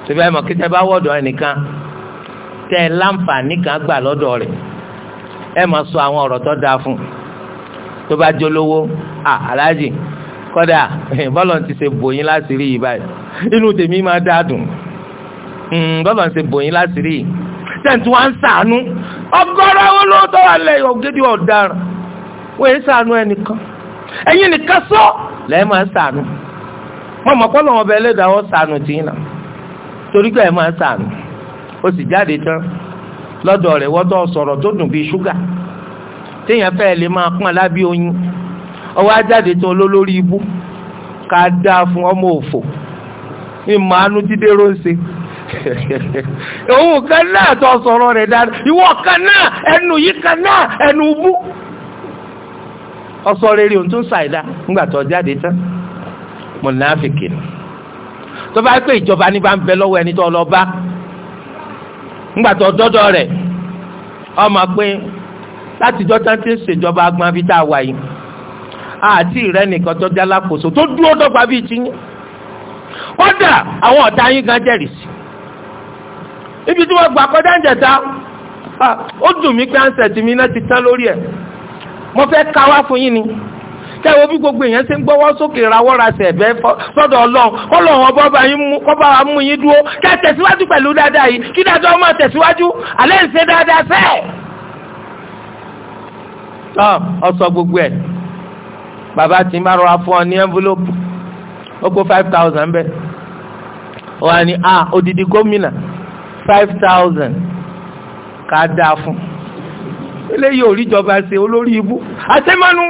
síbẹ̀ mọ̀ kí tẹ́ bá wọ́dọ̀ ẹnìkan tẹ́ láǹfààní kan gbà lọ́dọ̀ rẹ̀ ẹ máa sọ àwọn ọ̀rọ̀ tó dáa fún tó bá jólówó à aláàjì kọ́dà bọ́lọ̀ ti ṣe bòyín láti rí yìí báyìí inú tèmi máa dáa dùn hmm, bọ́lọ̀ ti ṣe bòyín láti rí yìí tẹ̀ǹtì wá ń sàánú ọgọ́rọ̀ wọn ló tọ́ wà lẹ́yìn ògidì ọ̀daràn wọ́n yẹn sàánú ẹnìkan ẹ̀yin nìkan sọ lẹ́yìn máa ń sàánú wọn mọ̀ pọ́nlọ́wọ́n bẹ́ẹ̀ lẹ́dàá wọn sàánú tì torí pé ẹ̀ máa ń sàánú ó sì jáde tán lọ́dọ̀ rẹ̀ wọ́dọ̀ sọ̀rọ̀ tó dùn bíi ṣúgà téèyàn fẹ́ lè máa pọ́n lábí oyin ọwọ́ ajáde tó olólórí ibú ká dáa fún ọmọ òfò ìmọ̀ àánú dídé róńse òun kan náà tó sọ̀rọ̀ rẹ̀ dáadáa ìwọ kan náà ẹnu yìí kan náà ẹnu bú ọsọ rere òun tún ṣàìdá nígbà tó jáde tán mọ̀nàfìkì tó bá pé ìjọba ní bá ń bẹ lọ́wọ́ ẹni tó lọ bá ńgbàtọ̀ dọ́dọ̀ rẹ̀ ọmọ pé látijọ́ tá ti ń ṣèjọba agbọn bíi tá a wà yìí àti ìrẹ́ nìkan tó jẹ́ alákòóso tó dúró dọ́gba bíi tiyín kódà àwọn ọ̀tá yín gan jẹ́rìí sí ibi tí wọ́n gbà kọjá ń jẹ̀ta ó dùn mí pé ansẹ̀tì mi náà ti tán lórí ẹ̀ mo fẹ́ káwá fún yín ni tẹ́wọ́ bí gbogbo èèyàn ṣe ń gbọ́wọ́ sókè rawọ́ra sẹ̀bẹ́ sọ́dọ̀ ọlọ́run ọlọ́run ọba ọba yín mú kọ́ba wa mú yín dúró kẹ́ tẹ̀síwájú pẹ̀lú dáadáa yìí kí dáadáa ọmọ tẹ̀síwájú alẹ́ ń ṣe dáadáa sẹ́ẹ̀. tọ́ ọ sọ gbogbo ẹ̀ bàbá tí máa rọra fún ọ ní envelope ó kó five thousand bẹ́ẹ̀ wà ní a odidi gómìnà five thousand ká dáa fún eléyìí òríjọba ṣe olórí ibú àṣemánu.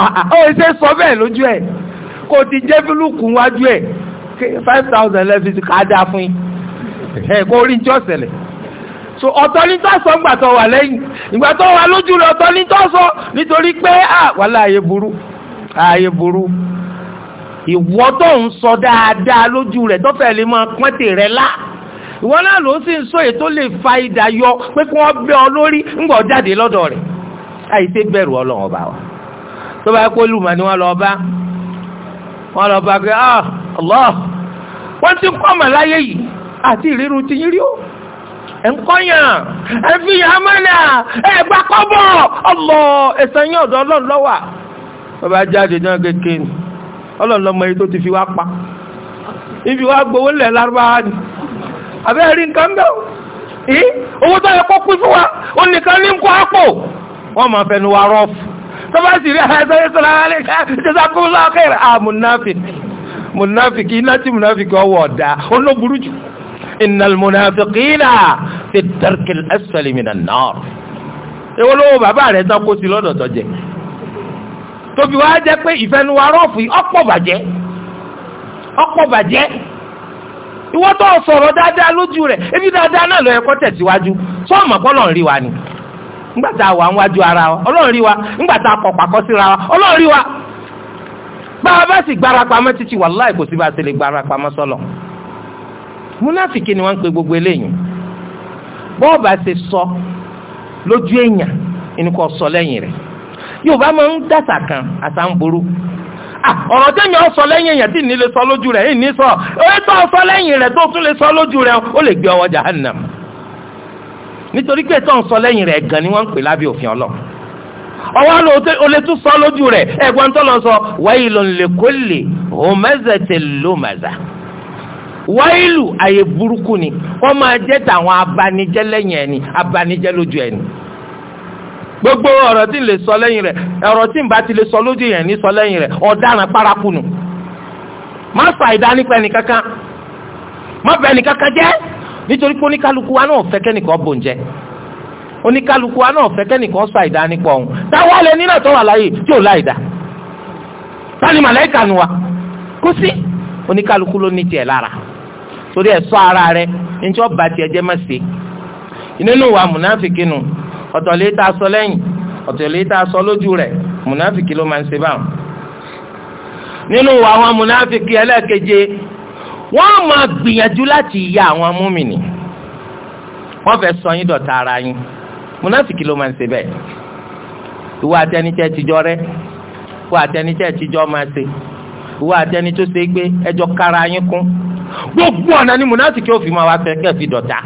Ah, ah, ó ṣe sọ bẹ́ẹ̀ lójú ẹ̀ kò ti jẹ́ fílùkù wájú ẹ̀ five thousand lẹ́fi ti káàdá fún ẹ̀ kó rí jọ́ sẹ̀lẹ̀ so ọ̀tọ̀ ní tó sọ ìgbà tó wà lẹ́yìn ìgbà tó wà lójú rẹ̀ ọ̀tọ̀ ní tó sọ nítorí pé ah, wàhálà ààyè burú ààyè burú ìwọ tó ń sọ dáadáa lójú rẹ̀ tó fẹ́ lè máa pọ́ntì rẹ̀ láà ìwọ náà ló sì ń sọ èyí tó lè fa ìdàyọ pé kí wọ́n bẹ́ ọ lórí ńgbọ̀ jáde lọ́dọ̀ tó bá kó lùmọ̀ ni wọ́n lọ bá wọ́n lọ bá pé ah Allah wọ́n ti kọ́ ọmọ láyé yìí àti ìrírí ti yín rí o ẹ̀ńkọ́yàn ẹ̀fìyàn amánà ẹ̀gbà kọ́bọ̀ ọmọ ẹ̀sán yín ọ̀dọ̀ ọlọ́run lọ́wà bàbá jáde náà kékeré ni ọlọ́run lọ́mọ yìí tó ti fi wá pa ibi wá gbowó lẹ̀ lárúbáwá ni àbẹ́ rí nǹkan bẹ́ẹ̀ o owó tó yẹ kó pín fún wa ó nìkan ní nǹkó àpò wọ́n máa fẹnu wa rọ́ọ̀fù tó bá sì rí àwọn ẹ̀sọ́ ìṣọ́ra wálé ká jẹ́sà kú lọ́kẹ́ rẹ̀ à mùnáfìkì mùnáfìkì iná tí mùnáfìkì ọwọ́ ọ̀dà olóburú jù innal munafiqina fi darkil asfali minan nar èwo lówó bàbá rẹ̀ tán kó sí lọ́dọ̀ tó jẹ tóbi wá jẹ́ pé ìfẹnuwa rọ́ọ̀fù ọ̀pọ̀ bàjẹ́ ọ̀pọ̀ bàjẹ́ ńgbà awa nwaju ara wa ọlọ́run rí wa ńgbà tá síra wa ọlọ́run rí wa bá a bá sì gbára pamọ́ títí kò lè gbára pamọ́ sọ́lọ̀ ni wọ́n ń pe gbogbo eléyìí bọ́ọ̀bù ṣe sọ lójú èèyàn sọ lẹ́yìn rẹ̀ yorùbá máa ń kan ọ̀rọ̀ tẹ́yìn lẹ́yìn èèyàn tí ní nítorí pé tó ń sọ lẹ́yìn rẹ̀ gan ni wọ́n ń pè lábẹ́ òfin ọlọ́ ọwọ́ àlọ́ olè tún sọ lójú rẹ̀ ẹ̀gbọ́n tó lọ sọ wailun likulli humazatil lumazah wáìlù àyè burúkú ni wọ́n máa jẹ́ tàwọn abanijẹ́ lẹ́yìn ẹni abanijẹ́ lójú ẹni gbogbo ọ̀rọ̀ tí n lè sọ lẹ́yìn rẹ̀ ọ̀rọ̀ tí n bá ti lè sọ lójú yẹn ní sọ lẹ́yìn rẹ̀ ọ̀daràn paraku má fà ìdánípẹ́ nìkankan má bẹ̀ nìkankan jẹ́ nítorí pé oníkálukú wa náà fẹ́ kẹ́nìkan bò ń jẹ oníkálukú wa náà fẹ́ kẹ́nìkan sọ àìdá nípa nínú ẹ̀tọ́ wà láàyè tí ò láìdá tani wa kò sí oníkálukú ara rẹ níjọ́ bá tiẹ̀ jẹ́ má nínú wa nu ta sọ lẹ́yìn ọ̀tọ̀ lè ta sọ lójú rẹ̀ múnáfìkì ló máa ń ṣe báwọn nínú wa wọ́n máa gbìyànjú láti ya àwọn múmìnì wọ́n fẹ́ sọ yín dọ̀tá ara yín múnáfìkì ló máa ń ṣe bẹ́ẹ̀ ìwọ àtẹnitẹ́ tìjọ rẹ ìwọ àtẹnitẹ́ tìjọ máa ṣe ìwọ àtẹni tó ṣe gbé ẹjọ́ kára yín kún gbogbo ọ̀nà ni múnáfìkì òfin máa wá fẹ́ kẹ́ẹ̀fì dọ̀tá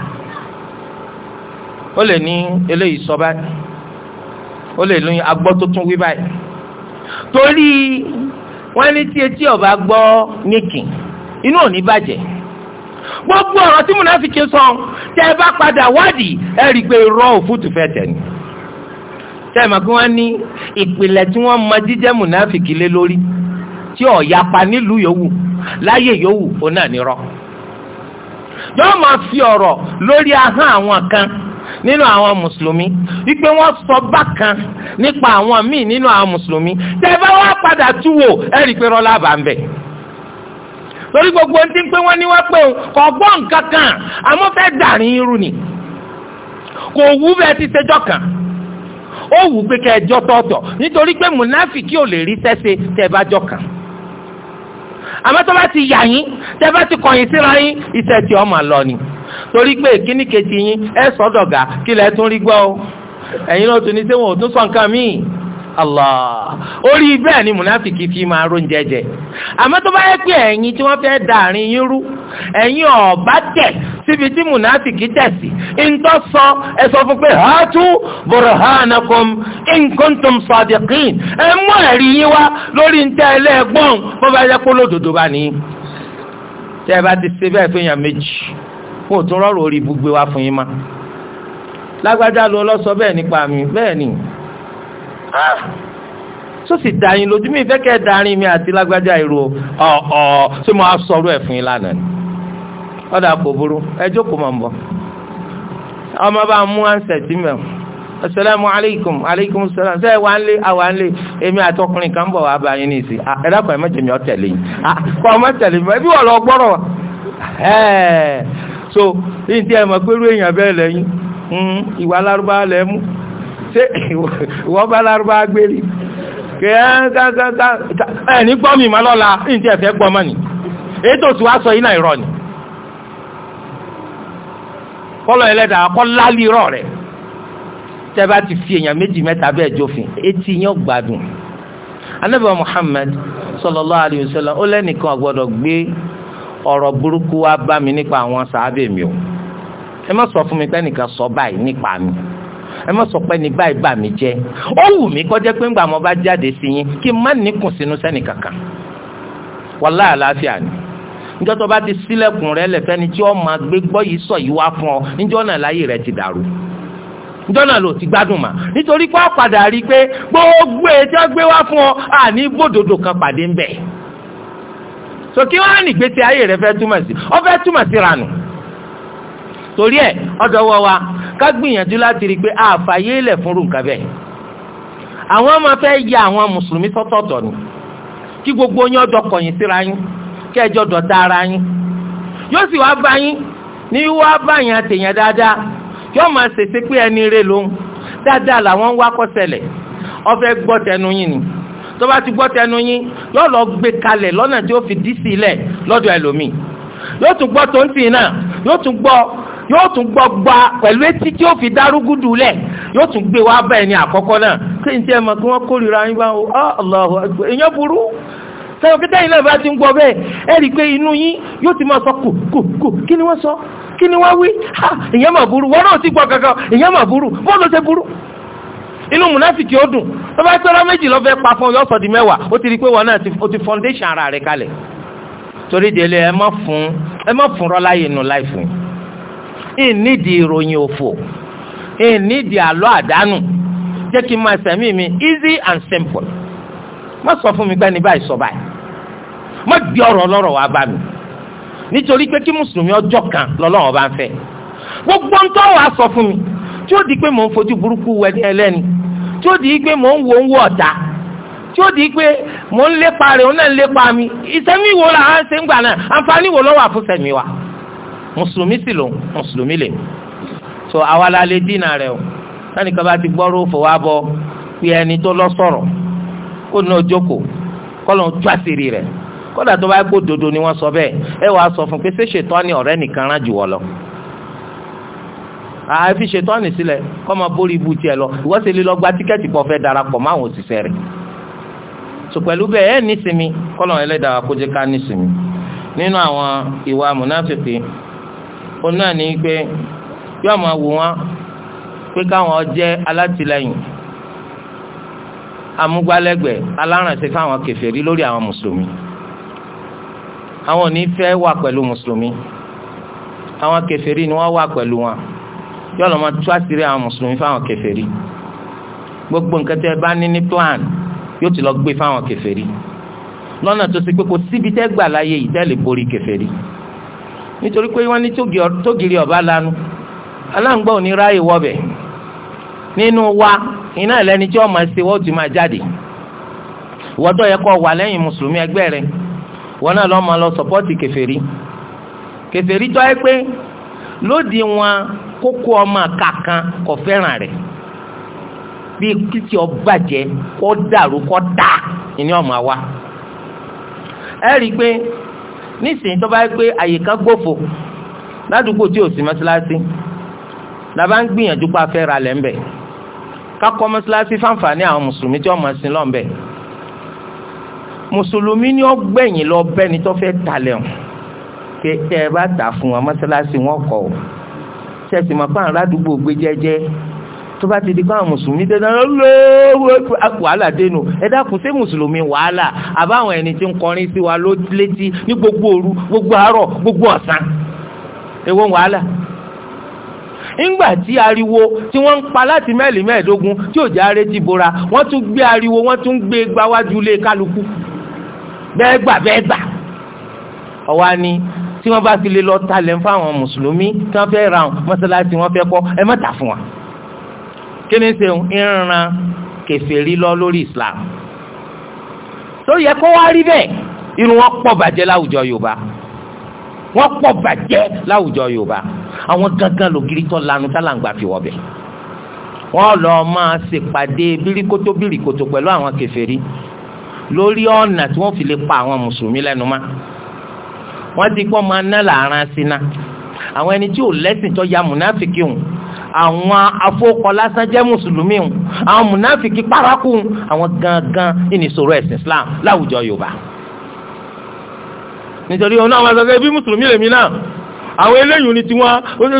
ó lè ní eléyìí sọ báyìí ó lè lóyún agbọ́ tó tún wí báyìí torí wọ́n ní tí etí ọba gbọ́ níkìn inú ò ní bàjẹ́ gbogbo ọ̀rọ̀ tí múnafìkì sọ tẹ́ ẹ bá padà wádìí ẹ rí i pé irọ́ òfútù fẹ́ tẹ̀ ni tẹ́ ẹ mọ̀ pé wọ́n ní ìpìlẹ̀ tí wọ́n mọ jíjẹ́ múnafìkì lé lórí tí ò yapa nílùú yòówù láyé yòówù ó náà nírọ́ yóò máa fi ọ̀rọ̀ lórí ahọ́n àwọn kan nínú àwọn mùsùlùmí wípé wọ́n sọ bákan nípa àwọn míì nínú àwọn mùsùlùmí tẹ́ bá wá padà túwò ẹ rí i pé rọ́lá bá ń bẹ̀ lórí gbogbo ohun tí ń pé wọ́n ní wá pé o kò gbọ́ nǹkan kan àmọ́ fẹ́ dàrín irú ni kò wú bẹ́ẹ̀ ti ṣẹjọ́ kan ó wù pé kẹ́ ẹ jọ tọ̀ọ̀tọ̀ nítorí pé mùnáfìkì ò lè rí tẹ́sẹ̀ tẹ́ ẹ bá jọ kan àmọ́ tó bá ti yà yín tẹ́ ti kọ̀yìn síra yín iṣẹ́ tí ọmọ lọ ni torí pé kíní kejì yín ẹ sọ́dọ̀gà kí tún rí gbọ́ ẹ̀yin náà tún ní sẹ́wọ̀n ò tún sọ nǹkan míì allah orí bẹ́ẹ̀ ni munafiki fi máa ró oúnjẹ jẹ àmọ́ tó bá yẹ pé ẹ̀yin tí wọ́n fẹ́ da àárín yín rú ẹ̀yin ọ̀bá tẹ̀ síbi tí munafiki tẹ̀ sí ntọ́ sọ ẹ sọ fún pé hàtú burhanakum in kuntum sadiqin ẹ mú ẹ̀rí yín wá lórí ntẹ́ ẹlẹ́gbọ́n bó bá yẹ kó lódodo bá ní. tẹ́ ẹ bá ti ṣe bẹ́ẹ̀ fẹ́yàn méjì fún òtún rọrùn orí ibùgbé wa fún yín má lágbájá ló lọ bẹ́ẹ̀ nípa mi bẹ́ẹ̀ ni. Pa, tó sì dá yín lójú mi ìfẹ́ kẹ́ ẹ darin mi àti lágbájá ìró ọ̀ ọ̀ tí mo á sọ̀rọ̀ ẹ̀ fún yín lánàá ni ọ̀dà kò burú ẹ jókòó mọ̀ bọ̀ ọmọ bá mú ànsẹ̀ asalaamu aleykum aleykum salaam sẹ wa nle awa nle èmi àtọkùnrin kan bọ̀ wá bá yín ní ìsìn ah, ẹ dákun ẹ má jẹmi ọtẹlẹ yìí ah, kọ ọ má tẹlẹ mi ẹbí wọn lọ gbọrọ wa so yìí tí ẹ mọ̀ pé irú èèyàn bẹ́ẹ̀ lẹ́yìn hmm, ìwà alárúbá lẹ́ ṣé ìwọ́n bá lárúbá gbérí ẹni gbọ́ mi má lọ́la ní ti ẹ̀fẹ́ gbọ́ mọ́ ni ètò tí wàá sọ yìí náà irọ́ ni kọ́lọ̀ ẹlẹ́dàá kọ́ lálẹ́ irọ́ rẹ̀ tẹ́ bá ti fi èèyàn méjì mẹ́ta bẹ́ẹ̀ jófin etí yẹn gbádùn anabi muhammed sallallahu alayhi wa sallam ó lẹ́nìkan àgbọ́dọ̀ gbé ọ̀rọ̀ burúkú wá bá mi nípa àwọn sàábẹ̀ mi o ẹ má sọ fún mi pé ẹnìkan sọ báyìí nípa mi ẹ má sọ pé ní báyìí bà mí jẹ́ ó wù mí kọjá pé ńgbà mo bá jáde sí yín kí n má níkùn sínú sẹ́ni kankan wàlá àlàáfíà ni níjọ́ tó bá ti sílẹ̀kùn rẹ lẹ̀fẹ́ ni tí ó máa gbé gbọ́ yìí sọ yìí wá fún ọ níjọ́ náà láyé rẹ ti dàrú níjọ́ náà ló ti gbádùn mà nítorí pé ọ̀padà rí i pé gbogbo ètò gbé wá fún ọ àní bòdòdó kan pàdé ń bẹ̀ sókè wọn á nìgbésí ayé rẹ fẹ́ túmọ̀ sí ọ fẹ́ túmọ̀ sí ranù torí ẹ ọdọ wọ wa ká gbìyànjú láti rí i pé àfàyè ilẹ̀ fún rúǹkà bẹ́ẹ̀ àwọn máa fẹ́ ya àwọn mùsùlùmí sọ́tọ̀ọ̀tọ̀ ni kí gbogbo yín ọjọ́ kọ̀yìn síra yín kí ẹjọ́ dọ̀tá ara yín yóò sì wá bá yín ní wá bá yín àtẹ̀yìn dáadáa yóò máa ṣèṣe pé ẹni rè lóhun dáadáa làwọn ń wá kọ́sẹ̀lẹ̀ ọfẹ́ gbọ́ tẹnu yín ni tó bá ti gbọ́ tẹnu yín yóò lọ gbé kalẹ̀ lọ́nà tí ó fi dí sílẹ̀ lọ́dọ̀ ẹlòmíì yóò tún gbọ́ tó ń tì náà yóò tún gbọ́ yóò tún gbọ́ gba pẹ̀lú etí tí ó fi dárúgúdù lẹ̀ yóò tún gbé wá bẹ́ẹ̀ ni àkọ́kọ́ náà kí n tiẹ̀ mọ̀ kí wọ́n kórìíra yín bá wọn ah, Allahu akbar èèyàn burú sẹ́wọ̀n kí tẹ́yìn náà bá ti ń gbọ́ bẹ́ẹ̀ ẹ rí i pé inú yín yóò ti máa sọ kù kù kù kí ni wọ́n sọ kí ni wọ́n wí ha èèyàn mà burú wọn náà ti gbọ́ kankan èèyàn mà burú bọ́ọ̀ ló ṣe burú inú múnáfìkì ó dùn tó bá tọ́lá méjì lọ́fẹ́ pa fún yóò sọ di mẹ́wàá ó ti rí i pé wọn náà ti foundation ara rẹ̀ kalẹ̀ torí délé ẹ má fún ẹ má fún rọ́láyè nù láì fún ìnídìí ìròyìn òfò ìnídìí àlọ́ àdánù jẹ́ kí n máa sẹ̀mí mi easy and simple má sọ fún mi gbẹ́ni báyìí sọ báyìí má di ọ̀rọ̀ ọlọ́rọ̀ wá bá mi nítorí pé kí mùsùlùmí ọjọ́ kan lọ́lọ́run bá ń fẹ́ gbogbo ń sọ fún mi tí ó di pé mò ń fojú burúkú wẹni ẹlẹ́ni tí di pé mò ń wo ń wo ọ̀tá tí ó di pé mò ń lépa rẹ̀ òun náà ń lépa mi ìsẹ́mi wo ṣe ń gbà wa. mùsùlùmí sì lòun mùsùlùmí lè so àwa la lè dínà rẹ o sani kaba ti gbọ́rọ̀ òfò wa bọ pé ẹni tó lọ sọ̀rọ̀ kó ní ojókòó kọ́lọ́n tú àṣírí rẹ̀ kódà tó bá gbó dodo ni wọ́n sọ bẹ́ẹ̀ ẹ wàá sọ fún pé ṣé ṣètọ́ni ọ̀rẹ́ nìkan rán jù wọ́ lọ àfi ṣètọ́ni sílẹ̀ kọ́ máa bórí ibu tiẹ̀ lọ ìwọ́n sì lè lọ gba tíkẹ́ẹ̀tì pọ̀ fẹ́ darapọ̀ mọ́ àwọn òṣìṣẹ́ rẹ̀ so pẹ̀lú bẹ́ẹ̀ ẹ̀ nísìmí kọ́lọ́n ẹlẹ́dàá kó jẹ́ ká nísìmí nínú àwọn ìwà mùnáfíkì òun náà ní pé yóò máa wò wọn pé káwọn jẹ́ alátìlẹ́yìn amúgbálẹ́gbẹ̀ẹ́ alárànṣẹ́ fáwọn kèfèrí lórí àwọn mùsùlùmí àwọn ò ní fẹ́ wà pẹ̀lú mùsùlùmí àwọn kèfèrí ni wọ́n wà pẹ̀lú wọn yóò lọ máa tú àṣírí àwọn mùsùlùmí fáwọn kèfèrí gbogbo nǹkan tẹ́ bá ní ní plan yóò ti lọ gbé fáwọn kèfèrí lọ́nà tó ti pé kò síbi tẹ́ gbà láyé yìí tẹ́ lè borí kèfèrí. nítorí pé wọ́n ní tógìrì ọba lanu aláǹgbá ni ní ráàyè wọ́bẹ̀ nínú wa iná ìlẹ́ni tí wọ́n máa ṣe wọ́n ti máa jáde ìwọ́dọ̀ yẹ kó wà lẹ́yìn mùsùlùmí ẹgbẹ́ rẹ lo náà lọ́ máa lọ sọ́pọ́ọ̀tì kèfèrí kèfèrí tó ẹ pé lóde wọn kókó ọmọ kankan kò fẹ́ràn rẹ̀ bí kìtì ọbàjẹ́ kó dàrú kó dà ni ọmọ wa ẹ rí i pé nísìnyí tó bá yẹ pé àyíká gbòfò ládùúgbò tí ò sí mọ́sálásí la bá ń gbìyànjú pa fẹ́ ra lẹ̀ ń bẹ̀ ká kọ́ mọ́sálásí fáǹfààní àwọn mùsùlùmí tí wọ́n mọ̀ sí lọ́n bẹ̀ mùsùlùmí ni ó gbẹ̀yìn lọ bẹ́ni tó fẹ́ talẹ̀ hàn kí ẹ bá tà fún wọn mọ́sálásí wọn kọ̀ ọ́ sẹ́sì mọ̀ ládùúgbò gbé jẹ́jẹ́ tó bá ti di báwọn mùsùlùmí dé dáná lóòwò wàhálà dénú ẹ dákun ṣé mùsùlùmí wàhálà àbáwọn ẹni tí ń kọrin sí wa létí ní gbogbo òru gbogbo àárọ̀ gbogbo ọ̀sán èwo wàhálà ńgbà tí ariwo tí wọ́n ń pa láti mẹ́ẹ̀lì mẹ́ẹ̀ẹ́dógún tí ò jẹ́ arétí bora wọ́n tún gbé ariwo wọ́n tún gbé gbáwájú lé kálukú bẹ́ẹ̀ gbà bẹ́ẹ̀ gbà ọ̀wá ni tí wọ́n bá fi lè lọ talẹ̀ fáwọn mùsùlùmí tí wọ́n fẹ́ ra mọ́sálásí wọ́n fẹ́ kọ́ ẹ má fún wa kí ni ṣe ìran kèfèrí lọ lórí Islam tó yẹ kó wá rí bẹ́ẹ̀ irun wọn pọ̀ bàjẹ́ láwùjọ Yorùbá wọn pọ̀ bàjẹ́ láwùjọ Yorùbá àwọn gangan lògiri tó lanu tálàǹgbà fi wọ́ bẹ̀ wọ́n lọ máa ṣèpàdé bíríkótó bíríkótó pẹ̀lú àwọn kèfèrí lórí ọ̀nà tí wọ́n fi lè pa àwọn mùsùlùmí lẹ́nu mọ́ wọ́n ti pọ́ máa ná làárín síná àwọn ẹni tí ò lẹ́sìn tó ya mùnáfíkì hùn àwọn afọkọ lásán jẹ́ mùsùlùmí o àwọn mùnáfìkì paraku àwọn gangan ìnìṣòro ẹ̀sìn Islam láwùjọ Yorùbá nítorí ọ̀nà àwọn àgbàgbà ibi mùsùlùmí lèmi náà àwọn eléyìí ni tiwọn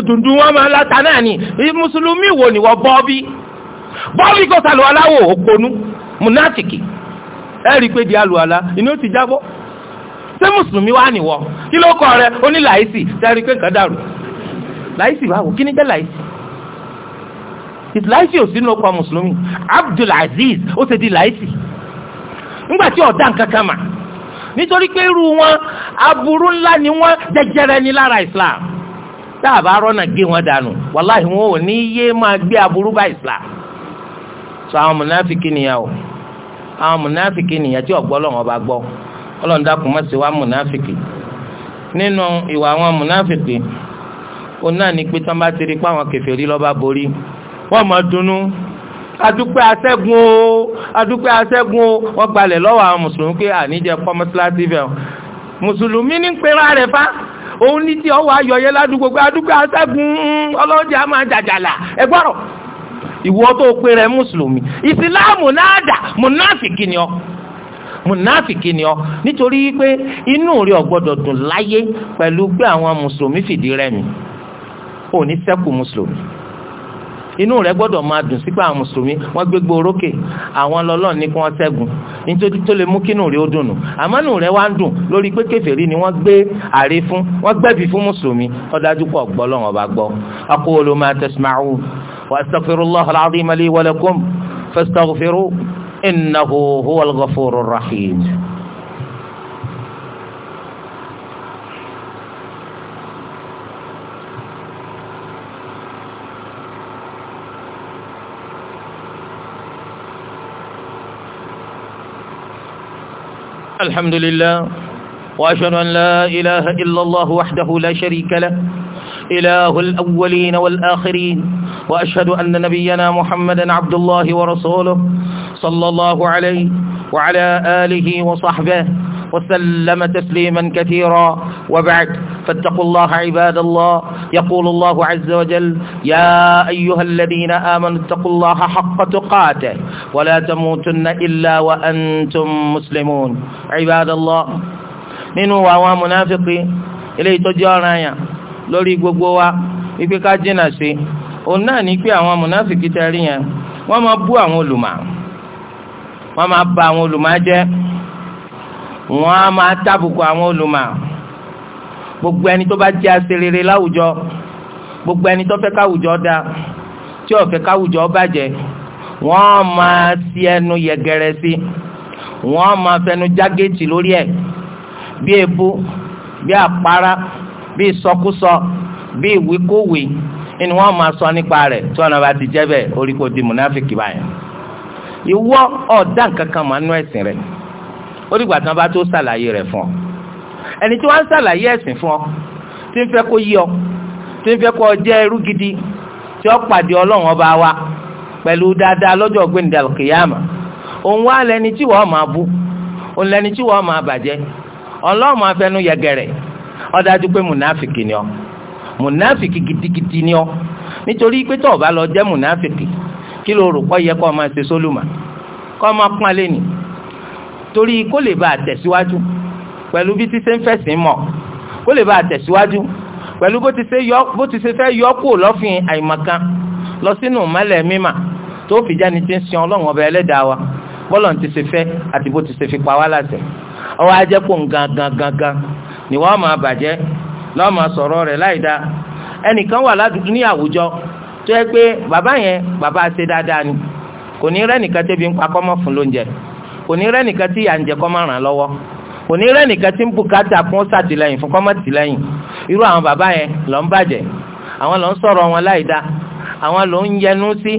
dundun wọn máa láta náà ni mùsùlùmí wo ni wọ́n bọ́ọ̀bì bọ́ọ̀bì kò sàlùwà láwò òponú mùnáfìkì ẹ̀rí pé di àlùwàlá inú ti jábọ́ ṣé mùsùlùmí wà nìwọ kí ló kọ rẹ oní làìsì tẹ́rí pé nǹkan dàrú wà wò kí ni jẹ́ làìsì láìsí ò sínú ọkọ̀ mùsùlùmí Abdul Aziz ó ti di láìsí nígbà tí ọ̀dà nǹkan kan mà nítorí pé irú wọn aburú ńlá ni wọn jẹjẹrẹ ní lára Islam tá a bá rọ́nà gé wọn dànù wàláhì wọn ò ní yé máa gbé aburú bá Islam sọ àwọn mùnáfíkì nìyẹn o àwọn mùnáfíkì nìyẹn tí ọ̀gbọ́ lọ́wọ́ bá gbọ́ ọlọ́run dákun má ṣe wá mùnáfíkì nínú ìwà àwọn mùnáfíkì òun náà ní pé tí wọ́n bá ti rí pé àwọn kèfèrí ló bá borí wọ́n máa dunnú adúpẹ́ asẹ́gun o adúpẹ́ asẹ́gun o wọ́n gbalẹ̀ lọ́wọ́ àwọn mùsùlùmí pé àníjẹ́ kọ́mọ́síláṣí bẹ́ẹ̀ mùsùlùmí ní pera rẹ̀ fa òun ní tí ọwọ́ ayọ̀yẹ ládùúgbò pé adúpẹ́ asẹ́gun ọlọ́jà máa jàjàlà ẹ gbọ́rọ̀ ìwọ tó pe rẹ mùsùlùmí ìsìláàmù náà dà mùnáfìkì ni ọ mùnáfìkì ni ọ nítorí pé inú rẹ ò gbọ́dọ̀ dùn láyé pẹ̀lú pé àwọn mùsùlùmí fìdí rẹmi ò ní ṣẹ́kù mùsùlùmí inú rẹ gbọ́dọ̀ máa dùn sígbà àwọn mùsùlùmí wọ́n gbégbó orókè àwọn lọ́lọ́ọ̀ ní kí wọ́n ṣẹ́gun nítorí tó lè mú kínú rẹ ó dùn nù àmọ́ nù rẹ wá ń dùn lórí pé kèfèrí ni wọ́n gbé àrí fún wọ́n gbẹ̀bí fún mùsùlùmí ó dájú pọ̀ gbọ́ lọ́wọ́n bá gbọ́ aqulu ma tasma'un wa astaghfirullaha al-azima li wa lakum fastaghfiru innahu huwal الحمد لله وأشهد أن لا إله إلا الله وحده لا شريك له إله الأولين والآخرين وأشهد أن نبينا محمدا عبد الله ورسوله صلى الله عليه وعلى آله وصحبه وسلم تسليما كثيرا وبعد فاتقوا الله عباد الله يقول الله عز وجل يا أيها الذين آمنوا اتقوا الله حق تقاته ولا تموتن إلا وأنتم مسلمون عباد الله من هو هو منافق إليه تجارايا لولي قبوة إبقى جناسي قلنا نكي هو منافق تاريا وما بوا مولما وما بوا مولما جاء wọ́n á máa tábùkù àwọn olùmọ̀ gbogbo ẹni tó bá jẹ́ aṣerere láwùjọ gbogbo ẹni tó fẹ́ káwùjọ da tí ò fẹ́ káwùjọ bàjẹ́ wọ́n máa ti ẹnu yẹgẹrẹ sí wọ́n máa fẹnu jágéètì lórí ẹ̀ bí ebu bí àpárá bí ìsọkúsọ bí ìwíkúwì ni wọ́n máa sọ nípa rẹ̀ tí wọ́n bá ti jẹ́ bẹ́ẹ̀ orí kò di mùnáfíkì báyìí ìwọ ọ̀dà nǹkan kan máa nú ẹ̀sìn rẹ̀. ó dìgbà tí wọ́n bá tó fún ọ ẹni tí wọ́n sàlàyé ẹ̀sìn fún ọ tí ń kó yí ọ tí jẹ́ tí ó pàdé ọlọ́run ọba wa pẹ̀lú dáadáa lọ́jọ́ ọ̀gbẹ́ni alkiyama òun wá lẹni tí máa bú òun lẹni tí máa gidigidi ni ọ nítorí pé lọ jẹ́ kí ló rò yẹ torí kó lè bá àtẹ̀síwájú pẹ̀lú bí ti ṣe ń fẹ̀sìn mọ̀ kó lè bá àtẹ̀síwájú pẹ̀lú bó ti ṣe fẹ́ yọ kúrò lọ́fìn àìmọ̀kan lọ sínú mọ́lẹ̀ mímà tó fi jáni ti ń sin ọlọ́run ọba ẹlẹ́dàá wa bọ́lọ̀ ti ṣe fẹ́ àti bó ti ṣe fi pa wá láṣẹ ọwọ́ ajẹ́pọ̀ gangan ni wọ́n máa bàjẹ́ lọ́ọ́ máa sọ̀rọ̀ rẹ̀ láì dáa ẹnìkan wà ládùúgbò ní àwùjọ tó yẹ pé bàbá yẹn bàbá ṣe dáadáa ni kò ní rẹ́nìkan tẹ́bi ń pa kọ́mọ́ fún lóúnjẹ kò ní rẹ́nìkan tí ìyà ń jẹ kọ́ máa ràn lọ́wọ́ kò ní rẹ́nìkan tí ń bùkátà fún sàtìlẹ́yìn fún kọ́mọ̀tìlẹ́yìn irú àwọn bàbá yẹn ló ń bàjẹ́ àwọn ló ń sọ̀rọ̀ wọn láì dá àwọn ló ń yẹnu sí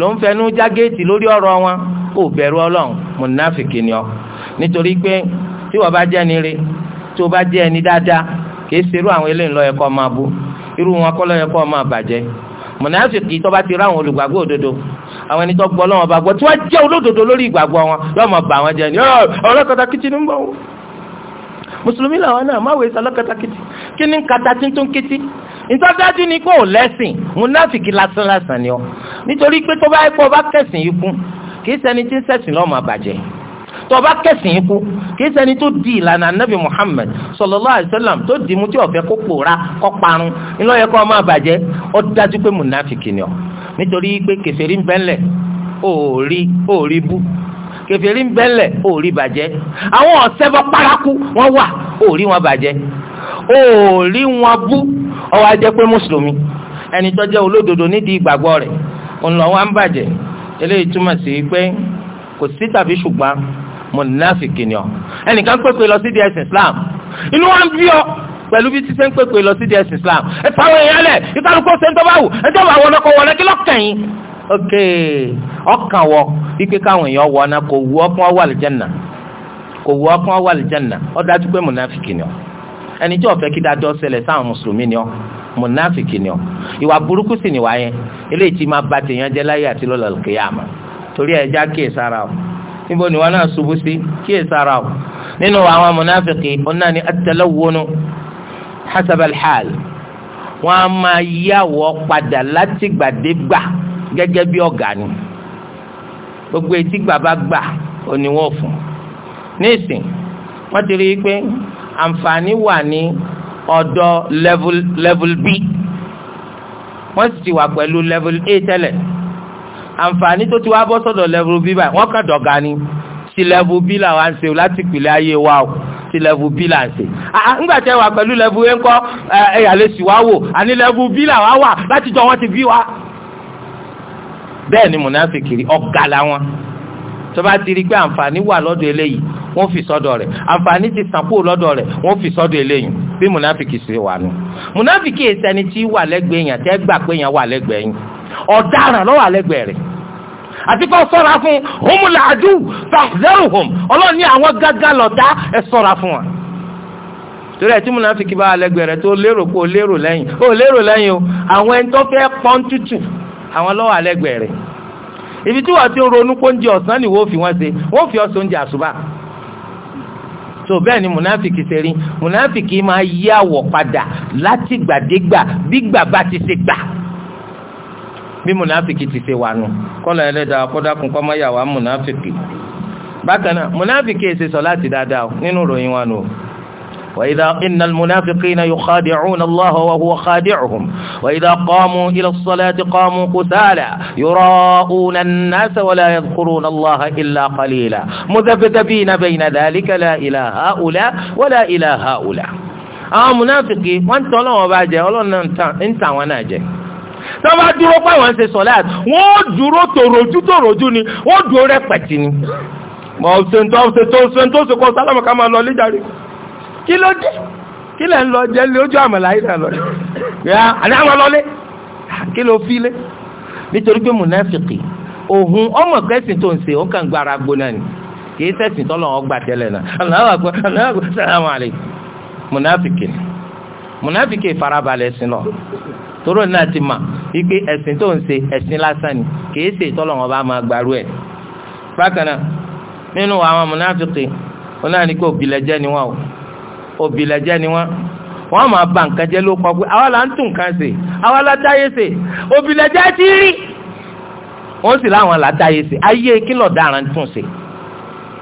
ló ń fẹnu já géètì lórí ọ̀rọ̀ wọn ò bẹ̀rù ọlọ́run mùnàfìkì ni ọ nítorí pé tí wọ́n bá jẹ́ ni re tó bá jẹ́ ẹni dáadáa kì í ṣerú àwọn eléyìí ló àwọn ẹni tó gbọ́ lọ́wọ́ bá gbọ́ tí wọ́n jẹ́ olódodo lórí ìgbàgbọ́ wọn yóò máa bà wọ́n jẹ́ ni ọlọ́kọ̀tà kìtì ní bọ̀ wọ́n mùsùlùmí làwọn náà máa wẹ̀ sí ọlọ́kọ̀tà kìtì kí ni kàtà tí ń tún kìtì ìtọ́jájú ni kò lẹ́sìn múnáfìkì lásán lásán ni ọ nítorí pé tó bá yẹ kó o bá kẹ̀sìn yìí kún kì tí ń ṣẹ̀sìn lọ́ọ́ máa tó bá kẹsìn ikú kì í tó di ìlànà anabi muhammed sallallahu alaihi wasallam tó di mu tí ọfẹ kó pòórá kó parun ńlọyẹ kó máa bàjẹ́ ó dájú pé mùnàfíkì ni ọ nítorí pé kèfèrí ń bẹ́ńlẹ̀ òòrí òòrí bú kèfèrí ń bẹ́ńlẹ̀ òòrí bàjẹ́ àwọn ọ̀sẹ́bọ paraku wọ́n wà òòrí wọn bàjẹ́ òòrí wọn bú ọwọ́ ajẹ́ pé mùsùlùmí ẹni tó jẹ́ olódodo nídìí ìgbàgbọ́ rẹ̀ ọ̀nà wa ń bàjẹ́ eléyìí túmọ̀ sí pé kò sí tàbí ṣùgbọ́n mùnáfìkì ni ọ ẹnìkan pépè lọ sí di ẹ̀sìn Islam inú wa ń bí ọ pẹ̀lú bí sísẹ́ ń pèpè lọ sí di Islam ẹ fáwọn èèyàn lẹ̀ ìkàlùkù ṣe ń tọ́ bá wù ẹ jẹ́ wà wọlé wọlé kí lọ́kàn ok ọkàn wọ ike káwọn èèyàn wọ ọ̀nà kò wú ọkàn wà lìjẹ́nà kò wú ọkàn wà lìjẹ́nà ó dájú pé mùnàfíkì ni ọ ẹni tí ó fẹ́ kí dájọ́ ṣẹlẹ̀ sáwọn mùsùlùmí ni ọ mùnàfíkì ni ọ ìwà burúkú sì ni wà yẹn eléyìí tí máa ba tèèyàn jẹ́ láyé àti lọ́la kìyàmà torí ẹ̀ já kíyèsára o níbo ni wọn náà ṣubú sí kíyèsára o nínú àwọn mùnàfíkì ọ náà ni at hasabal hal wọ́n á máa yàwọ̀ padà látìgbàdégbà gẹ́gẹ́ bí ọ̀gá ni gbogbo etí bàbá gbà òní wọ́n fún nísìn wọ́n ti rí i pé àǹfààní wà ní ọ̀dọ̀ level level b wọ́n sì ti wà pẹ̀lú level a tẹ́lẹ̀ àǹfààní tó ti wá bọ́ sọ́dọ̀ level b báyìí wọ́n kàn dọ̀gá ni sí level b làwọn à ń ṣe láti pìlẹ̀ ayé wa o àti level b là ń ṣe nígbà ah, ah, tí ẹ wà pẹ̀lú level a ńkọ́ ẹ̀yà eh, eh, lè sì wá wò àní level b là wá wà láti jọ wọn ti bí wa. bẹ́ẹ̀ ni mùnáfíkì ọ̀gá làwọn tó bá ti rí pé àǹfààní wà lọ́dọ̀ eléyìí wọ́n fi sọ́dọ̀ rẹ̀ àǹfààní ti sàn kúrò lọ́dọ̀ rẹ̀ wọ́n fi sọ́dọ̀ eléyìí bí mùnáfíkì ṣe wà nù. mùnáfíkì èsì ẹni tí wà lẹ́gbẹ̀ẹ́ yẹn tẹ́ gbà pé yẹn àti kó sọ́ra fún humul adu fahzaruhum ọlọ́run ní àwọn gángan lọ́tà ẹ sọ́ra fún wọn torí ẹ tí múnafíkì bá alẹ́gbẹ̀ẹ́ rẹ tó lérò pé ó lérò lẹ́yìn ó lérò lẹ́yìn o àwọn ẹni tó fẹ́ pọ́n tútù àwọn lọ́wọ́ alẹ́gbẹ̀ẹ́ ibi tí wàá ti ronú pé oúnjẹ ọ̀sán ni wọ́n fi wọ́n ṣe wọ́n fi ọ̀sán oúnjẹ àṣùbà so bẹ́ẹ̀ ni múnafíkì ṣe rí múnafíkì máa yí àwọ̀ padà látìgbàdégbà bí gbà bá ti ṣe gbà bí munafiki ti ṣe wà nù kọ́lọ̀ ẹlẹ́dàá kọ́dákun kọ́mọ́yà wà munafiki bákan náà munafiki èsè sọ láti dáadáa nínú ìròyìn wa nù. وإذا إن المنافقين يخادعون الله وهو خادعهم وإذا قاموا إلى الصلاة قاموا قتالا يراءون الناس ولا يذكرون الله إلا قليلا مذبذبين بين ذلك لا إلى هؤلاء ولا إلى هؤلاء آه منافقي وانت الله وبعجة الله انت وانا tó bá dúró fáwọn ń ṣe sọ̀láàt wọ́n dúró tòròjú tòròjú ni wọ́n dúró rẹpẹ̀tì ni mọ̀ ọ̀sẹ̀ tó ọ̀sẹ̀ tó ọ̀sẹ̀ tó ọ̀sẹ̀ kọ́ sálámù ká máa lọ lẹ́jàre kí ló dé kí lẹ́ ń lọ jẹ́ lójú àmàlà ìdá lọ yá àdá máa lọ lé kí ló fi lé nítorí pé mùnáfìkì òhun ọmọ kẹsìn tó ń ṣe ó kàn gbára gbóná ni kì í sẹ́sìn tọ́lọ́ ọgbà tẹ́lẹ̀ náà aláwọ̀ àgbà aláwọ̀ àgbà sàlámù àlè mùnáfìkì ni mùnàfíkì ìfarabalẹ̀ sí toro tóró náà ti mà wípé ẹ̀sìn tó ń ṣe ẹ̀sìn lásán ni kìí ṣe ìtọ́lọ́wọ́n bá máa gbàrú ẹ̀. bákan nínú àwọn mùnàfíkì wọn náà ní kó òbílẹ̀jẹ́ ni wọn o òbílẹ̀jẹ́ ni wọn wọn máa ba nǹkan jẹ́ ló kọ pé àwa là ń tún nǹkan ṣe àwa là dáyé ṣe òbílẹ̀jẹ́ ti rí wọn sì láwọn là dáyé ṣe ayé kí ló dára ń tún ṣe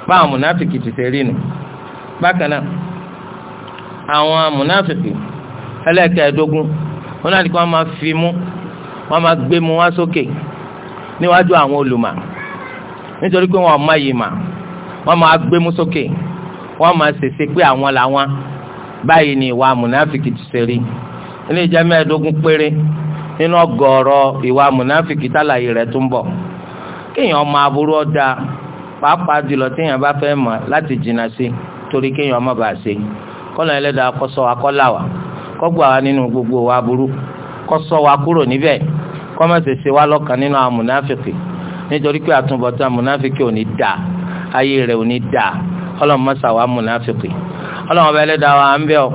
báwọn mùnàfíkì ti ṣe rí nu bákan àwọn mùnàfíkì ẹlẹ́ẹ̀kẹ́ẹ̀dógún wọn náà ní kí wọ́n máa fi mú wọ́n máa gbé mu wá sókè níwájú àwọn olùmọ̀ nítorí pé wọn ọmọ yìí mà wọ́n máa gbé mu sókè wọ́n máa ṣèṣe pé àwọn làwọn báyìí ni ìwà amúnáfìkì ti ṣe rí ilé ìjẹ́ mẹ́ẹ̀ẹ́dógún péré nínú ọgọ́rọ̀ ìwà amúnáfìkì tálàyé rẹ̀ tó ń bọ̀ kéèyàn máa burú ọ̀dà pàápàá jùlọ téèyàn bá fẹ́ mọ̀ láti jìnnà sí torí kéèyàn má bàa ṣe kọ́nà ẹlẹ́dàá akọ́sọ akọ́làwà. kọ́gbà wa nínú gbogbo wa burú kó ṣọ́ wa kúrò níbẹ̀ kó má ṣe ṣe wa lọ́kàn nínú àwọn nítorí pé àtúbọ̀tán ò ní ayé rẹ̀ ò wa ọlọ́run ọba ẹlẹ́dàá wa ń bẹ̀ ọ́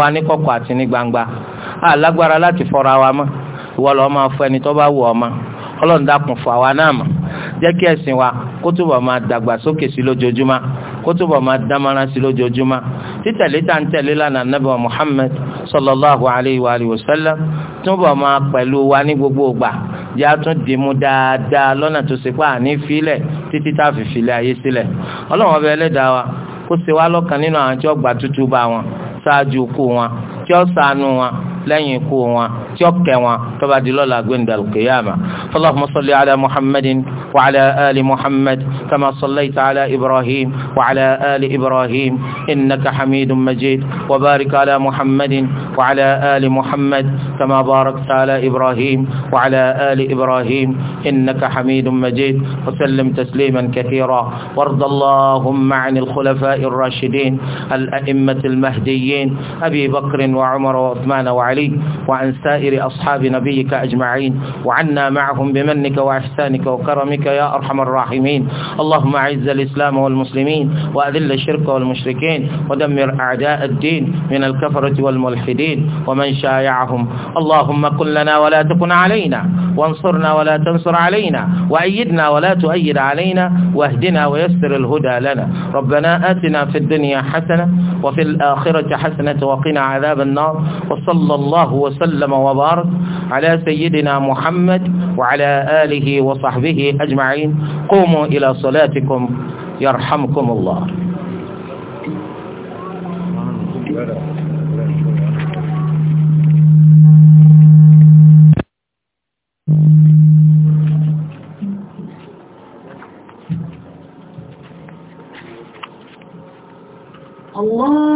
wa ní kọ̀kọ̀ àti ní gbangba alágbára láti wa mọ́ ìwọ lọ́ọ́ máa fọ ẹni tó bá wù ọ́ mọ́ ọlọ́run wa kó túbọ̀ máa sí lójoojúmọ́ kó túbọ̀ títẹ̀lé tá à ń tẹ̀lé lánàá wa sallallahu alayhi wa alihi wa sallam túbọ̀ máa pẹ̀lú wa ní gbogbo ọgbà yá tún dìmú dáadáa lọ́nà tó sì pa àní filẹ̀ títí tá a fi ayé sílẹ̀ wa kó ṣe wá lọ́kàn nínú àwọn tí ó gbà tútù bá wọn ṣáájú ikú wọn tí tí ó kẹ́ wọn tó bá di lọ́la gbẹ̀ndà alqiyama allahumma salli ala muhammadin wa ala ali muhammad kama ta ala ibrahim wa ala ali ibrahim innaka hamidun majid wa barik ala muhammadin wa ala ali muhammad kama barakta ala ibrahim wa ala ali ibrahim innaka hamidun majid wa sallim taslima كثيرا وارض اللهم عن الخلفاء الراشدين الأئمة المهديين أبي بكر وعمر وعثمان وعلي وعن سائر وسائر أصحاب نبيك أجمعين وعنا معهم بمنك وإحسانك وكرمك يا أرحم الراحمين اللهم أعز الإسلام والمسلمين وأذل الشرك والمشركين ودمر أعداء الدين من الكفرة والملحدين ومن شايعهم اللهم كن لنا ولا تكن علينا وانصرنا ولا تنصر علينا وأيدنا ولا تؤيد علينا واهدنا ويسر الهدى لنا ربنا آتنا في الدنيا حسنة وفي الآخرة حسنة وقنا عذاب النار وصلى الله وسلم وبارك وبارك على سيدنا محمد وعلى آله وصحبه أجمعين قوموا إلى صلاتكم يرحمكم الله الله